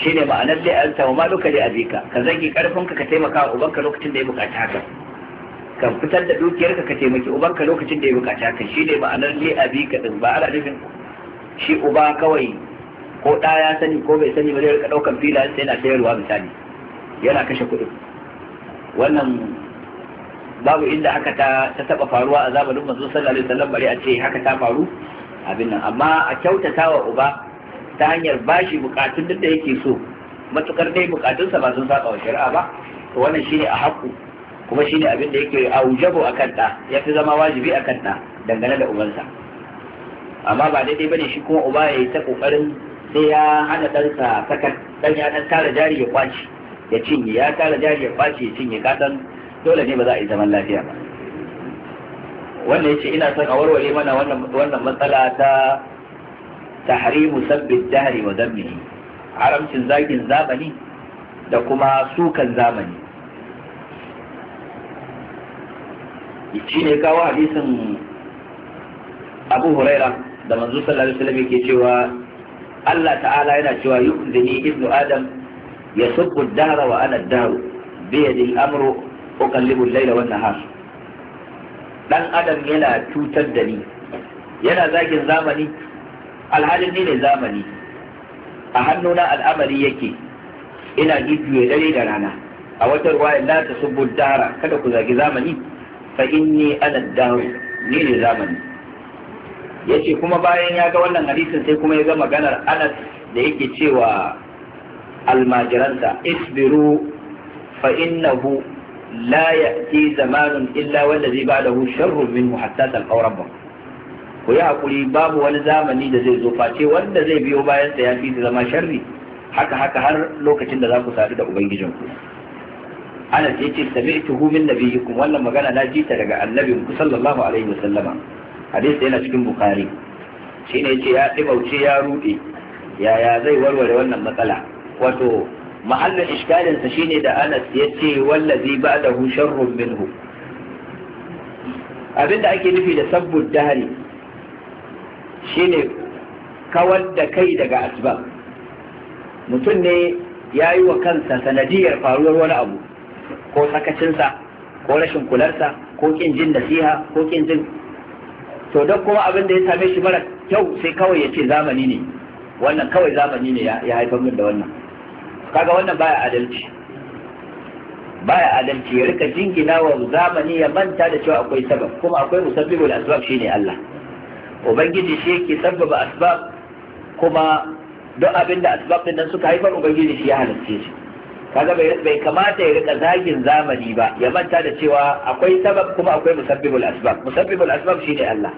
shine ma'anar da ya alta wa maluka da abika ka karfin ka ka taimaka wa ubanka lokacin da ya buƙaci haka ka fitar da dukiyarka ka taimaki uban ka lokacin da ya bukaci hakan. shi ne ma'anar li abi ka din ba ana nufin shi uba kawai ko ɗa ya sani ko bai sani ba zai rika ɗaukan fila sai yana sayarwa misali yana kashe kuɗi wannan babu inda haka ta ta taba faruwa a zamanin manzo sallallahu alaihi wasallam bari a ce haka ta faru abin nan amma a kyautata wa uba ta hanyar bashi bukatun duk da yake so matukar dai bukatunsa ba sun saba wa shari'a ba to wannan shine a haƙƙo kuma shine abin da yake aujabu kanta ya yafi zama wajibi akan ɗa, dangane da ubansa amma ba daidai ba ne shi kuma uba ya yi ta kokarin sai ya hana ɗansa sakan ɗan ya ɗan tara jari ya kwaci ya cinye ya tara jari ya kwaci ya cinye ka dole ne ba za a yi zaman lafiya ba wannan yace ina son a warware mana wannan matsala ta tahrimu sabbin dahri wa dammihi haramcin zagin zamani da kuma sukan zamani shi ne kawo hadisin abu huraira da manzo sallallahu alaihi wasallam yake cewa Allah ta'ala yana cewa yuzni ibnu adam yasubbu ad-dahra wa ana ad-dahru bi yadi al-amru uqallibu al-layla an nahar dan adam yana cutar da ni yana zagin zamani alhalin ni ne zamani a hannuna al'amari yake ina gidiyo dare da rana a wata ruwa la tasubbu ad-dahra kada ku zagi zamani fa inni ana dawo ni ne zamani yace kuma bayan ya ga wannan hadisin sai kuma ya ga maganar Anas da yake cewa almajiransa isbiru fa innahu la ya'ti zamanun illa zai ba'dahu sharrun minhu hatta talqaw ba? ku yi hakuri babu wani zamani da zai zo face wanda zai biyo bayan sa ya fi zama sharri haka haka har lokacin da za ku sadu da ubangijinku anas yace sami'tuhu min kuma wannan magana na jita daga annabin ku sallallahu alaihi wa sallama. hadisi yana cikin bukhari shine yace ya dibauce ya rude yaya zai warware wannan matsala wato mahallin iskalin sa shine da anas yace wallazi ba'dahu sharrun minhu abinda ake nufi da sabbud dahari shine kawar da kai daga asbab mutum ne ya yi wa kansa sanadiyar faruwar wani abu ko sakacinsa ko rashin kularsa ko kin jin nasiha ko kin jin to don kuma abin da ya same shi mara kyau sai kawai ya ce zamani ne wannan kawai zamani ne ya haifar min da wannan kaga wannan baya adalci baya adalci ya rika jingina wa zamani ya manta da cewa akwai sabab kuma akwai musabbibul asbab shine Allah ubangiji shi yake sabbaba asbab kuma duk abin da asbab din nan suka haifar ubangiji shi ya halarce shi kaga bai kamata ya rika zagin zamani ba ya manta da cewa akwai sabab kuma akwai musabbibul asbab musabbibul asbab shine Allah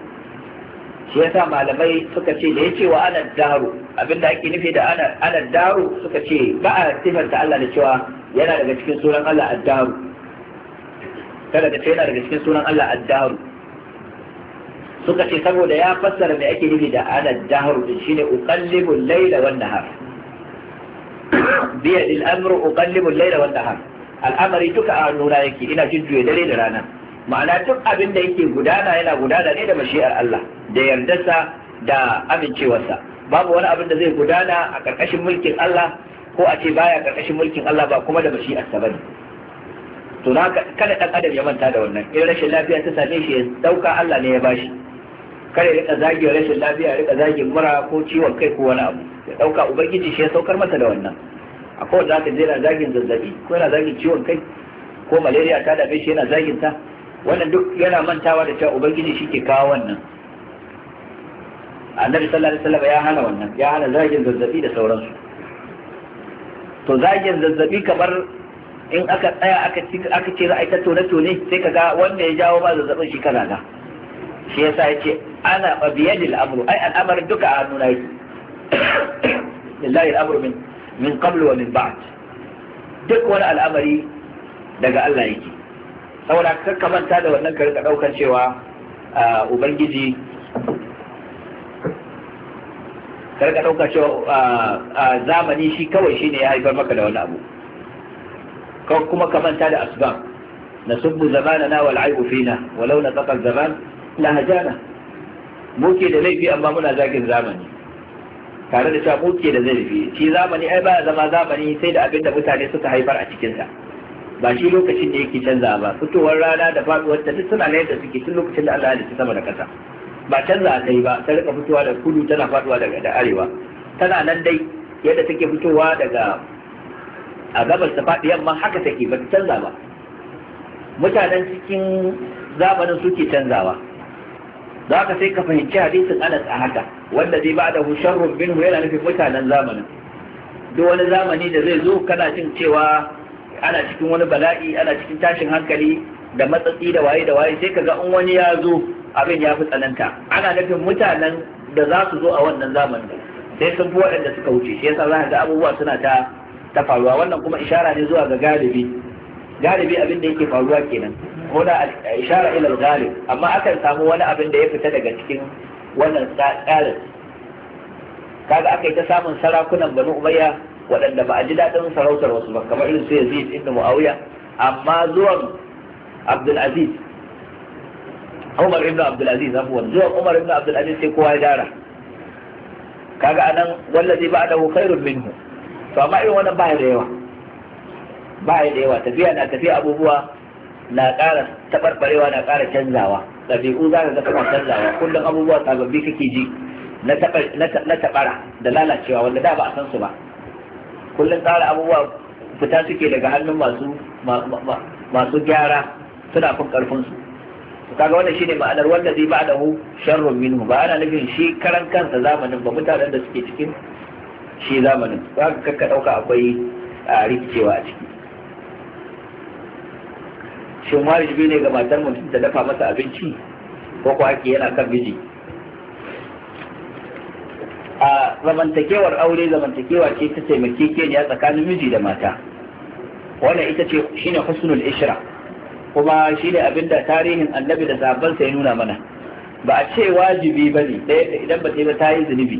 shi yasa malamai suka ce da yace wa ana daru abinda ake nufi da ana ana daru suka ce ba a sifanta Allah da cewa yana daga cikin sunan Allah ad-daru kada ka ce yana daga cikin sunan Allah ad-daru suka ce saboda ya fassara me ake nufi da ana daru shine uqallibul laila wan nahar biya al-amru uqallibu al-layla al'amari duka a nuna yake ina jujjuya dare da rana ma'ana duk abin da yake gudana yana gudana ne da mashi'ar Allah da yardarsa da amincewarsa babu wani abin da zai gudana a ƙarƙashin mulkin Allah ko a ce baya ƙarƙashin mulkin Allah ba kuma da sa bane to na kada dan adam ya manta da wannan in rashin lafiya ta same shi ya dauka Allah ne ya bashi kada ya rika zagin rashin lafiya ya rika zagin mura ko ciwon kai ko wani abu ya dauka ubangiji shi ya saukar masa da wannan akwai wanda zaka je na zagin zazzabi ko yana zagin ciwon kai ko malaria ta dabe shi yana zagin ta wannan duk yana mantawa da cewa ubangiji shi ke kawo wannan annabi sallallahu alaihi wasallam ya hana wannan ya hana zagin zazzabi da sauransu to zagin zazzabi kamar in aka tsaya aka ce za a yi ta tone-tone sai ka ga wanda ya jawo ba zazzabin shi kana da shi yasa ya ce ana abiyadil amru ai al'amarin duka a na yake لله الامر min min qablu wa min ba'd duk wani al'amari daga Allah yake saboda kakka manta da wannan ka rika daukan cewa ubangiji ka rika dauka cewa zamani shi kawai shine ya haifar maka da wani abu kuma ka manta da asbab zamana na wal aibu fina walau na taqal zaman la hajana muke da laifi amma muna zagin zamani tare da cewa muke da zarafi shi zamani ai baya zama zamani sai da abinda mutane suka haifar a cikinsa ba shi lokacin da yake canza ba fitowar rana da faduwar ta duk suna yadda suke tun lokacin da Allah ya dace sama da kasa ba canza a kai ba ta rika fitowa da kudu tana faduwa daga da arewa tana nan dai yadda take fitowa daga a gabas ta faɗi yamma haka take ba ta canza ba mutanen cikin zamanin suke canzawa za ka sai ka fahimci hadisin anas a haka wanda zai ba da husharrun minhu yana nufin mutanen zamanin duk wani zamani da zai zo kana jin cewa ana cikin wani bala'i ana cikin tashin hankali da matsatsi da waye da waye sai ka ga in wani ya zo abin ya fi tsananta ana nufin mutanen da za su zo a wannan zamanin sai sun fi waɗanda suka wuce shi yasa za ga abubuwa suna ta ta faruwa wannan kuma ishara ne zuwa ga galibi galibi abin da yake faruwa kenan muna ishara ila galib amma akan samu wani abin da ya fita daga cikin wannan tsarin kaga aka yi ta samun sarakunan banu umayya waɗanda ba a ji daɗin sarautar wasu ba kamar irin su yazid ibn muawiya amma zuwan abdul aziz umar ibn abdul aziz afwan zuwan umar ibn abdul aziz sai kowa ya dara kaga anan wallazi ba'dahu khairun minhu to amma irin wannan ba da yawa ba da yawa tafiya na tafiya abubuwa na ƙara taɓarɓarewa na ƙara canzawa ɗabi'u za ka ga kana canzawa kullum abubuwa sababbi kake ji na taɓara da lalacewa wanda da ba a san su ba kullum ƙara abubuwa fita suke daga hannun masu gyara suna fin ƙarfin su kaga wannan shine ma'anar wanda zai ba da sharrun minhu ba ana nufin shi karan kansa zamanin ba mutanen da suke cikin shi zamanin ba ka kakka ɗauka akwai rikicewa a ciki shin wajibi ne ga matar mutum ta dafa masa abinci ko ko ake yana kan miji a zamantakewar aure zamantakewa ce ta ne tsakanin miji da mata wannan ita ce shine husnul ishra kuma shine abinda tarihin annabi da sahabbansa ya nuna mana ba a ce wajibi ba ne idan ba ta yi ba ta yi zunubi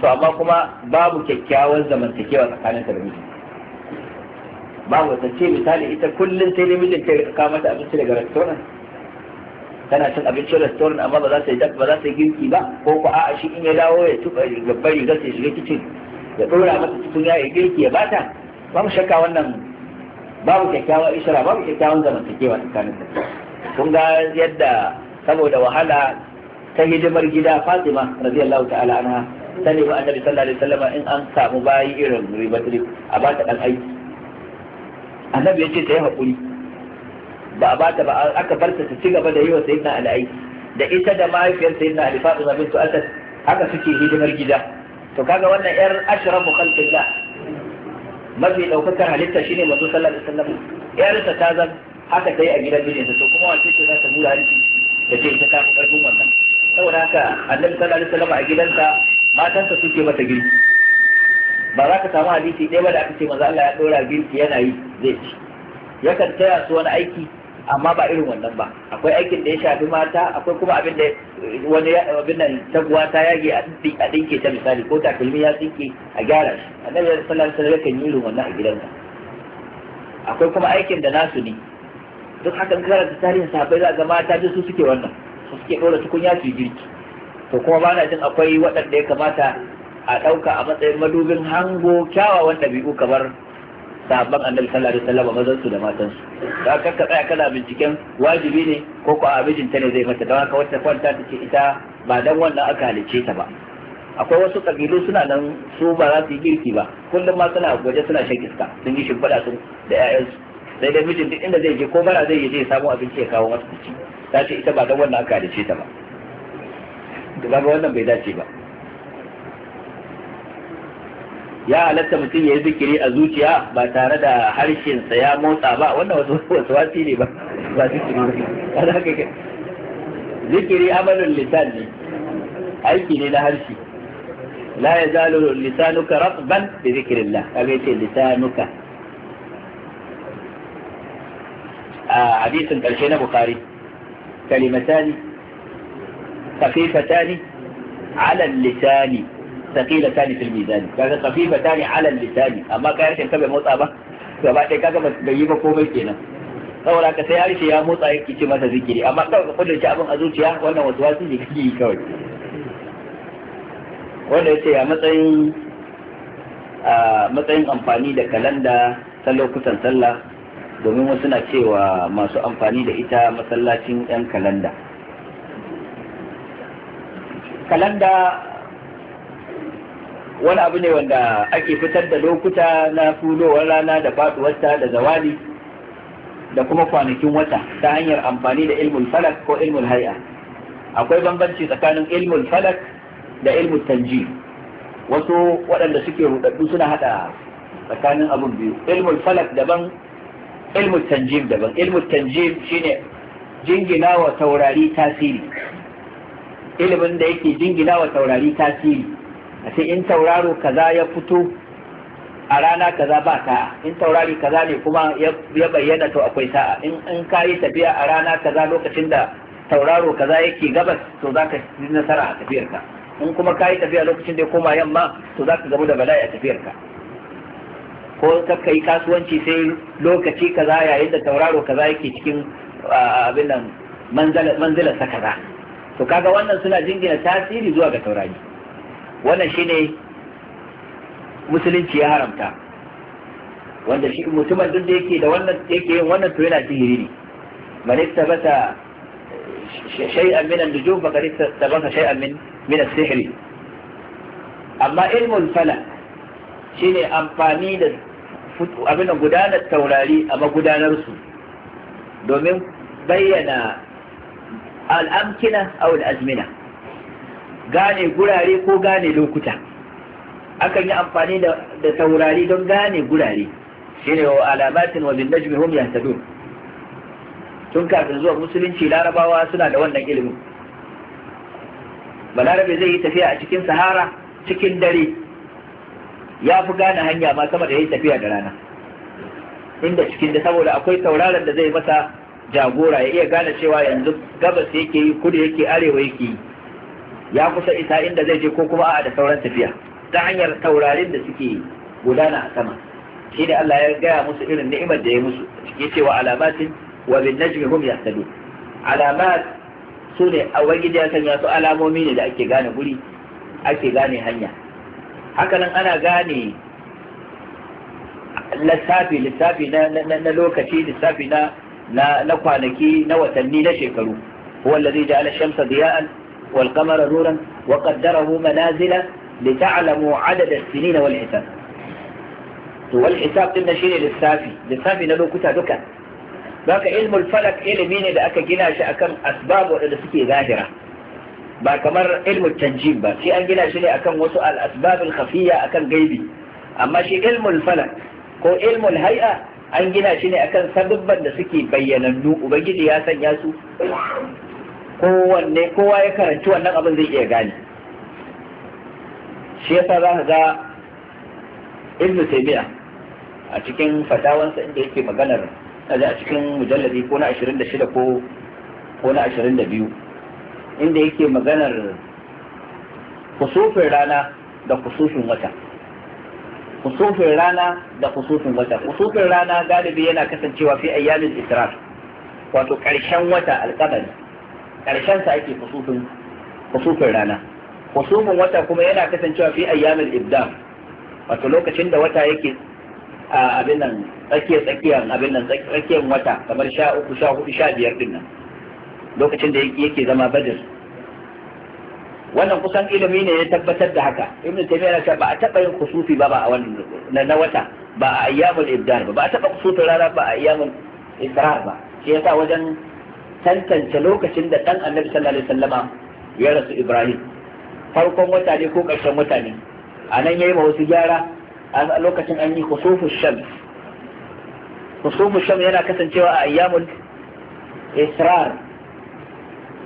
to amma kuma babu kyakkyawan zamantakewa tsakanin da miji ba mu ce misali ita kullum sai dai mijin kai kawo mata abinci daga restaurant tana cin abincin restaurant amma ba za ta yi ba za ta yi girki ba ko ko a'a shi in ya dawo ya tuba gabbar rigar sai shiga kicin ya dora mata cikin ya yi girki ya bata ba mu shakka wannan babu kyakkyawan ishara babu kyakkyawan zamantakewa tsakanin ta kun ga yadda saboda wahala ta hidimar gida Fatima radiyallahu ta'ala anha ta nemi annabi sallallahu alaihi wasallam in an samu bayi irin ribatri a bata dan aiki annabi ya ce ta yi haƙuri ba a bata ba aka barta ta ci gaba da yi wa sayyidina ali da ita da mahaifiyar sayyidina ali fatima bintu asad haka suke hidimar gida to kaga wannan yar mu ashramu khalqillah mafi daukakar halitta shine manzo sallallahu alaihi wasallam yarsa ta zan haka ta yi a gidan mijinta to kuma wace ce za ta hura hanci da ce ita ta fi ƙarfin wannan saboda haka annabi sallallahu alaihi wasallam a gidansa matansa suke mata girki ba za ka samu hadisi ɗaya ba da aka ce maza Allah ya ɗora girki yana yi zai ci yakan taya su wani aiki amma ba irin wannan ba akwai aikin da ya shafi mata akwai kuma abin da wani abin nan taguwa ta yage a dinke ta misali ko takalmi ya tsinke a gyara shi annabi sallallahu alaihi wasallam kan yi irin wannan a gidansa akwai kuma aikin da nasu ne duk hakan karanta tarihin sahabbai za ga mata duk su suke wannan su suke dora tukunya su girki to kuma ba na jin akwai waɗanda ya kamata a ɗauka a matsayin madubin hango kyawawan ɗabi'u kamar sabon annabi sallallahu alaihi wasallam mazan su da matan su da ka tsaya kana binciken wajibi ne ko ko a ta ne zai mata don haka wata kwanta ta ce ita ba dan wannan aka halicce ta ba akwai wasu kabilu suna nan su ba za su yi girki ba kullum ma suna waje suna shan iska sun yi shimfiɗa sun da 'ya'yansu sai dai mijin duk inda zai je ko bara zai je zai samu abinci ya kawo masa kuci ta ce ita ba dan wannan aka halicce ta ba to wannan bai dace ba ya halatta mutum ya yi zikiri a zuciya ba tare da harshensa ya motsa ba wannan wasu wasu wasi ne ba ba zikiri ba zikiri amalin lisan ne aiki ne na harshe la ya zalo lisanuka rasban bi zikrillah kaga yace lisanuka a hadisin karshe na bukhari kalimatani خفيفتان على lisani thaqilatani fil mizan kaga khafifatani ala lisani amma kai harshen ka bai motsa ba gaba ɗaya kaga bai yi ba komai kenan saboda ka sai harshe ya motsa yake ce masa zikiri amma kawai ka kudurci abin a zuciya wannan wasu wasu ne kake yi kawai wanda ya ce a matsayin a matsayin amfani da kalanda ta lokutan sallah domin wasu na cewa masu amfani da ita masallacin yan kalanda kalanda wani abu ne wanda ake fitar da lokuta na fulowar rana da faduwarta da zawali da kuma kwanakin wata ta hanyar amfani da ilmul falak ko ilmul hay'a akwai bambanci tsakanin ilmul falak da ilmul tanji wasu waɗanda suke rudaddu suna hada tsakanin abun biyu ilmul falak daban ilmul tanjim daban ilmul tanjim shine jingina wa taurari tasiri ilimin da yake jingina wa taurari tasiri a ce in tauraro kaza ya fito a rana kaza ba ta. in taurari kaza ne kuma ya bayyana to akwai sa'a in in yi tafiya a rana kaza lokacin da tauraro kaza yake gabas to zaka yi nasara a tafiyarka in kuma yi tafiya lokacin da ya koma yamma to zaka gamu da bala'i a tafiyarka ko ka yi kasuwanci sai lokaci kaza yayin da tauraro kaza yake cikin abin nan manzilarsa kaza to kaga wannan suna jingina tasiri zuwa ga taurari wannan shi ne musulunci ya haramta wanda shi mutumin duk da yake da wannan yake yin wannan to yana sihiri ne man istabata shay'an min an-nujum fa qad istabata shay'an min min as-sihr amma ilmul falak shine amfani da abin da gudanar taurari a magudanarsu domin bayyana al'amkina a azmina gane gurare ko gane lokuta akan yi amfani da taurari don gane gurare shine wa alamatin wa bin najmi hum yahtadun tun kafin zuwa musulunci larabawa suna da wannan ilimin balarabe zai yi tafiya a cikin sahara cikin dare ya fi gane hanya ma sama da yi tafiya da rana inda cikin da saboda akwai tauraron da zai masa jagora ya iya gane cewa yanzu gabas yake yi kudu yake arewa yake yi ya kusa isa inda zai je ko kuma a'a da sauran tafiya ta hanyar taurarin da suke gudana a sama shi da Allah ya gaya musu irin ni'imar da ya musu cikin cewa alamatin wa bin najmi hum yahtadu alamat su ne a wani ya sanya su alamomi ne da ake gane guri ake gane hanya hakanan ana gane lissafi lissafi na lokaci lissafi na na kwanaki na watanni na shekaru huwa allazi ja'ala shamsa diya'an والقمر نورا وقدره منازل لتعلموا عدد السنين والحساب والحساب din shine lissafi lissafi na lokuta duka baka ilmul falak ilimi ne da aka gina shi akan asbab waɗanda suke zahira ba kamar ilmul tanjim ba shi an gina shi ne akan wasu al asbabul akan gaibi amma shi ilmul falak ko ilmul hay'a an gina shi ne akan sababban da suke bayyanannu ubangiji ya sanya su kowanne kowa ya karanci wannan abin zai iya gane shi yasa za ka ga ibn taymiya a cikin fatawansa inda yake maganar a cikin mujalladi ko na 26 ko ko na 22 inda yake maganar kusufin rana da kusufin wata kusufin rana da kusufin wata kusufin rana galibi yana kasancewa fi ayyamin israr wato ƙarshen wata alƙadari karshen sa ake kusufin kusufin rana kusufin wata kuma yana kasancewa fi ayyamin ibda wato lokacin da wata yake a abin nan tsakiyar tsakiyar abin nan tsakiyar wata kamar sha uku sha hudu sha biyar din nan lokacin da yake zama badir wannan kusan ilimi ne ya tabbatar da haka ibn taymiya yana cewa ba a taba yin kusufi ba ba a wannan na wata ba a ayyamul ibdar ba ba a taba kusufi rana ba a ayyamul israr ba shi yasa wajen tantance lokacin da dan annabi sallallahu alaihi wasallama ya rasu ibrahim farkon wata ne ko ƙarshen wata ne a nan ya yi wasu gyara a lokacin an yi kusufu sham kusufu sham yana kasancewa a ayyamul israr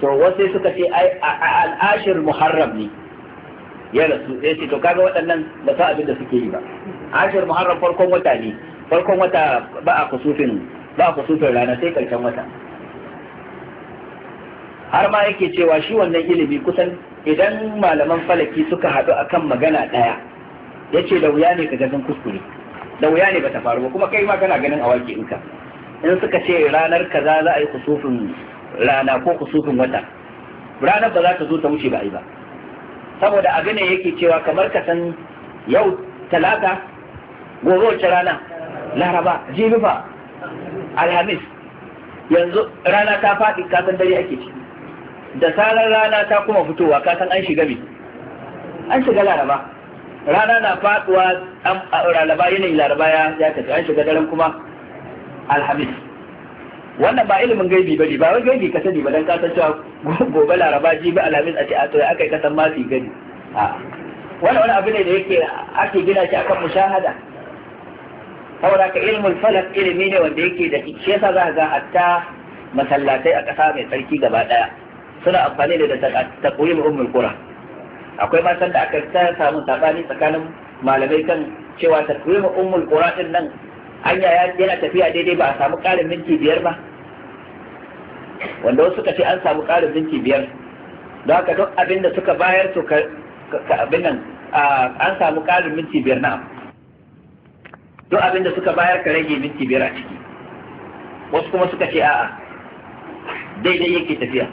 to wasu suka ce al'ashir muharram ne ya rasu sai ce to kaga waɗannan ba sa abin da suke yi ba ashir muharram farkon wata ne farkon wata ba a kusufin ba a kusufin rana sai ƙarshen wata har ma yake cewa shi wannan ilimi kusan idan malaman falaki suka haɗu akan magana ɗaya ya ce da wuya ne ka sun kuskure da wuya ne ba ta faru ba kuma kai ma kana ganin awaki inka in suka ce ranar kaza za a yi kusufin rana ko kusufin wata ranar ba za ta zo ta wuce ba a yi ba saboda abin ne yake cewa kamar ka san yau talata gobe wacce rana laraba jibifa alhamis yanzu rana ta faɗi kasan dare ake ci da sarar rana ta kuma fitowa ka san an shiga me an shiga laraba rana na faduwa a laraba yanayin laraba ya tafi an shiga daren kuma alhamis wannan ba ilimin gaibi bane ba wai gaibi ka sani ba dan ka san cewa gobe laraba ji ba alhamis a ce a to akai kasan ma su gani wannan wani abu ne da yake ake gina shi akan mushahada saboda ka ilimin falak ilimi ne wanda yake da shi yasa za ka ga hatta masallatai a ƙasa mai tsarki gaba ɗaya suna amfani da ma ummul qura akwai ma san da aka ta samu sabani tsakanin malamai kan cewa ma ummul qura din nan anya yana tafiya daidai ba a samu karin minti biyar ba wanda wasu suka ce an samu karin minti biyar don haka duk abin da suka bayar to ka abin nan an samu karin minti biyar na duk abin da suka bayar ka rage minti biyar a ciki wasu kuma suka ce a'a daidai yake tafiya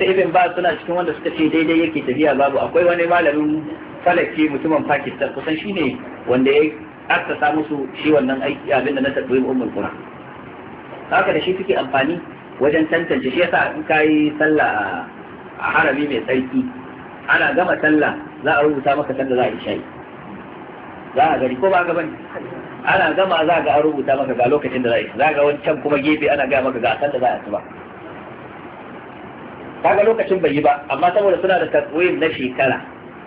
ta ibn ba suna cikin wanda suka ce daidai yake tafiya babu akwai wani malamin falaki mutumin pakistan kusan shi ne wanda ya assasa musu shi wannan aiki abin da na tabbin ummul qura haka da shi suke amfani wajen tantance shi yasa in kai sallah a harami mai tsarki ana gama sallah za a rubuta maka sanda za a shayi za a gari ko ba gaban ana gama za ga rubuta maka ga lokacin da za a yi za ga wancan kuma gefe ana gaya maka ga sanda za a ci ba kaga lokacin bai yi ba amma saboda suna da taswim na shekara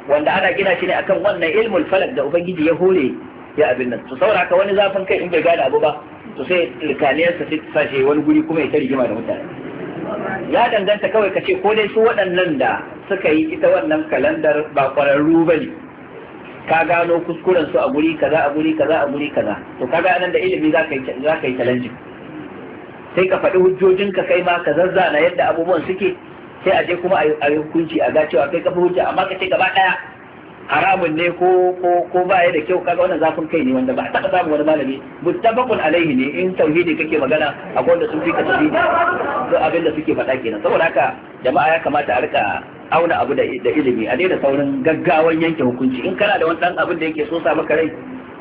wanda ana gina shi ne akan wannan ilmul falak da ubangiji ya hore ya abin nan to saboda haka wani zafin kai in bai gane abu ba to sai likaniyarsa sai ta sace wani guri kuma ya ta rigima da mutane ya danganta kawai ka ce ko dai su waɗannan da suka yi ita wannan kalandar ba ƙwararru ba ne ka gano kuskuren su a guri kaza a guri kaza a guri kaza to kaga anan da ilimi za ka yi challenging sai ka faɗi hujjojinka kai ma ka zazzana yadda abubuwan suke sai a je kuma a yi hukunci a ga cewa kai kafa hujja amma ka ce gaba daya haramun ne ko ko ko ba ya da kyau kaga wannan zafin kai ne wanda ba taba samu wani malami muttafaqun alaihi ne in tauhidi kake magana a gonda sun fi ka tauhidi to abin da suke faɗa kenan saboda haka jama'a ya kamata a rika auna abu da ilimi a daina saurin gaggawan yanke hukunci in kana da wani dan abin da yake so sa maka rai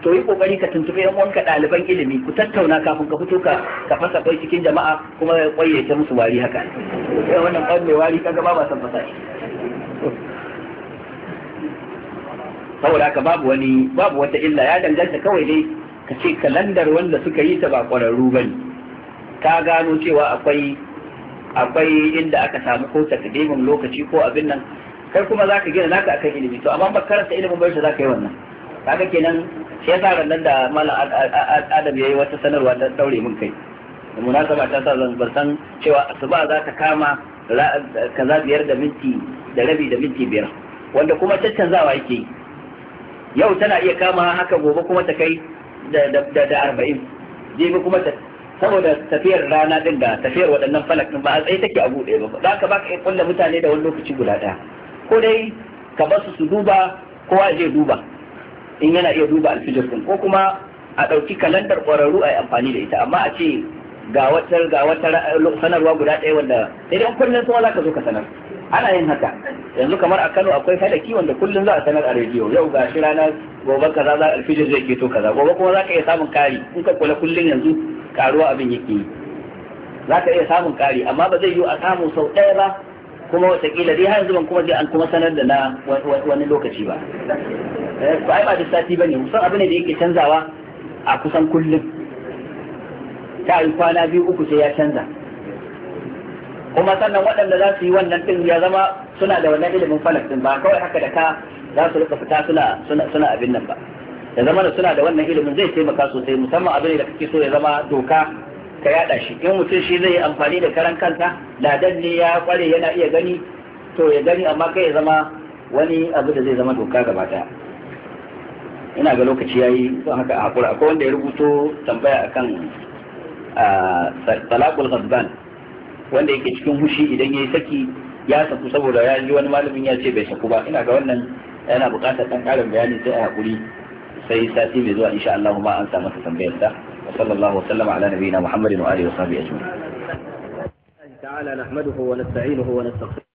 to yi kokari ka tuntube yan uwanka ɗaliban ilimi ku tattauna kafin ka fito ka ka fasa kai cikin jama'a kuma ya kwayyace musu wari haka sai wannan ban mai wari kaga ba ba san fasa saboda haka babu wani babu wata illa ya danganta kawai dai ka ce kalandar wanda suka yi ta ba ƙwararru ba ne ta gano cewa akwai akwai inda aka samu ko takdimin lokaci ko abin nan kai kuma zaka gina naka akan ilimi to amma ba karanta ilimin ba za ka yi wannan kaga kenan shi yasa rannan da malam adam yayi wata sanarwa ta daure mun kai munasaba ta sa zan san cewa asuba za ta kama kaza biyar da minti da rabi da minti biyar wanda kuma caccanzawa yake yau tana iya kama haka gobe kuma ta kai da arba'in jibi kuma ta saboda tafiyar rana din da tafiyar waɗannan falak din ba a tsaye take a buɗe ba za ka baka iya mutane da wani lokaci guda ɗaya ko dai ka basu su duba kowa zai duba in yana iya duba alfijir din ko kuma a ɗauki kalandar ƙwararru a yi amfani da ita amma a ce ga wata ga wata eh, sanarwa guda ɗaya wanda sai dai kullum sama za zo ka sanar ana yin haka yanzu kamar a Kano akwai fadaki wanda kullum za a sanar a rediyo yau ga shi ranar gobe kaza za alfijir zai keto kaza gobe kuma za ka iya samun kari in ka kula kullum yanzu karuwa abin yake yi za ka iya samun kari amma ba zai yiwu a samu sau ɗaya ba kuma wataƙila dai har yanzu ban kuma je an kuma sanar da na wani lokaci ba ba eh, ai ba da sati bane kusan abu ne da yake canzawa a kusan kullum ta yi kwana biyu uku sai ya canza kuma sannan waɗanda za su yi wannan ɗin ya zama suna da wannan ilimin falak ɗin ba kawai haka da ka za su rika fita suna abin nan ba ya zama da suna da wannan ilimin zai taimaka sosai musamman abin da kake so ya zama doka ka yada shi in mutum shi zai amfani da karan kanta ladan ne ya kware yana iya gani to ya gani amma kai ya zama wani abu da zai zama doka gaba ta ina ga lokaci yayi don haka a hakura akwai wanda ya rubuto tambaya akan talaqul ghadban wanda yake cikin hushi idan yayi saki ya saku saboda ya ji wani malamin ya ce bai saku ba ina ga wannan yana buƙatar ɗan ƙarin bayani sai a hakuri sai sati mai zuwa insha Allah ma an sa masa tambayar sa وصلى الله وسلم على نبينا محمد وآله وصحبه أجمعين تعالى نحمده ونستعينه ونستغفره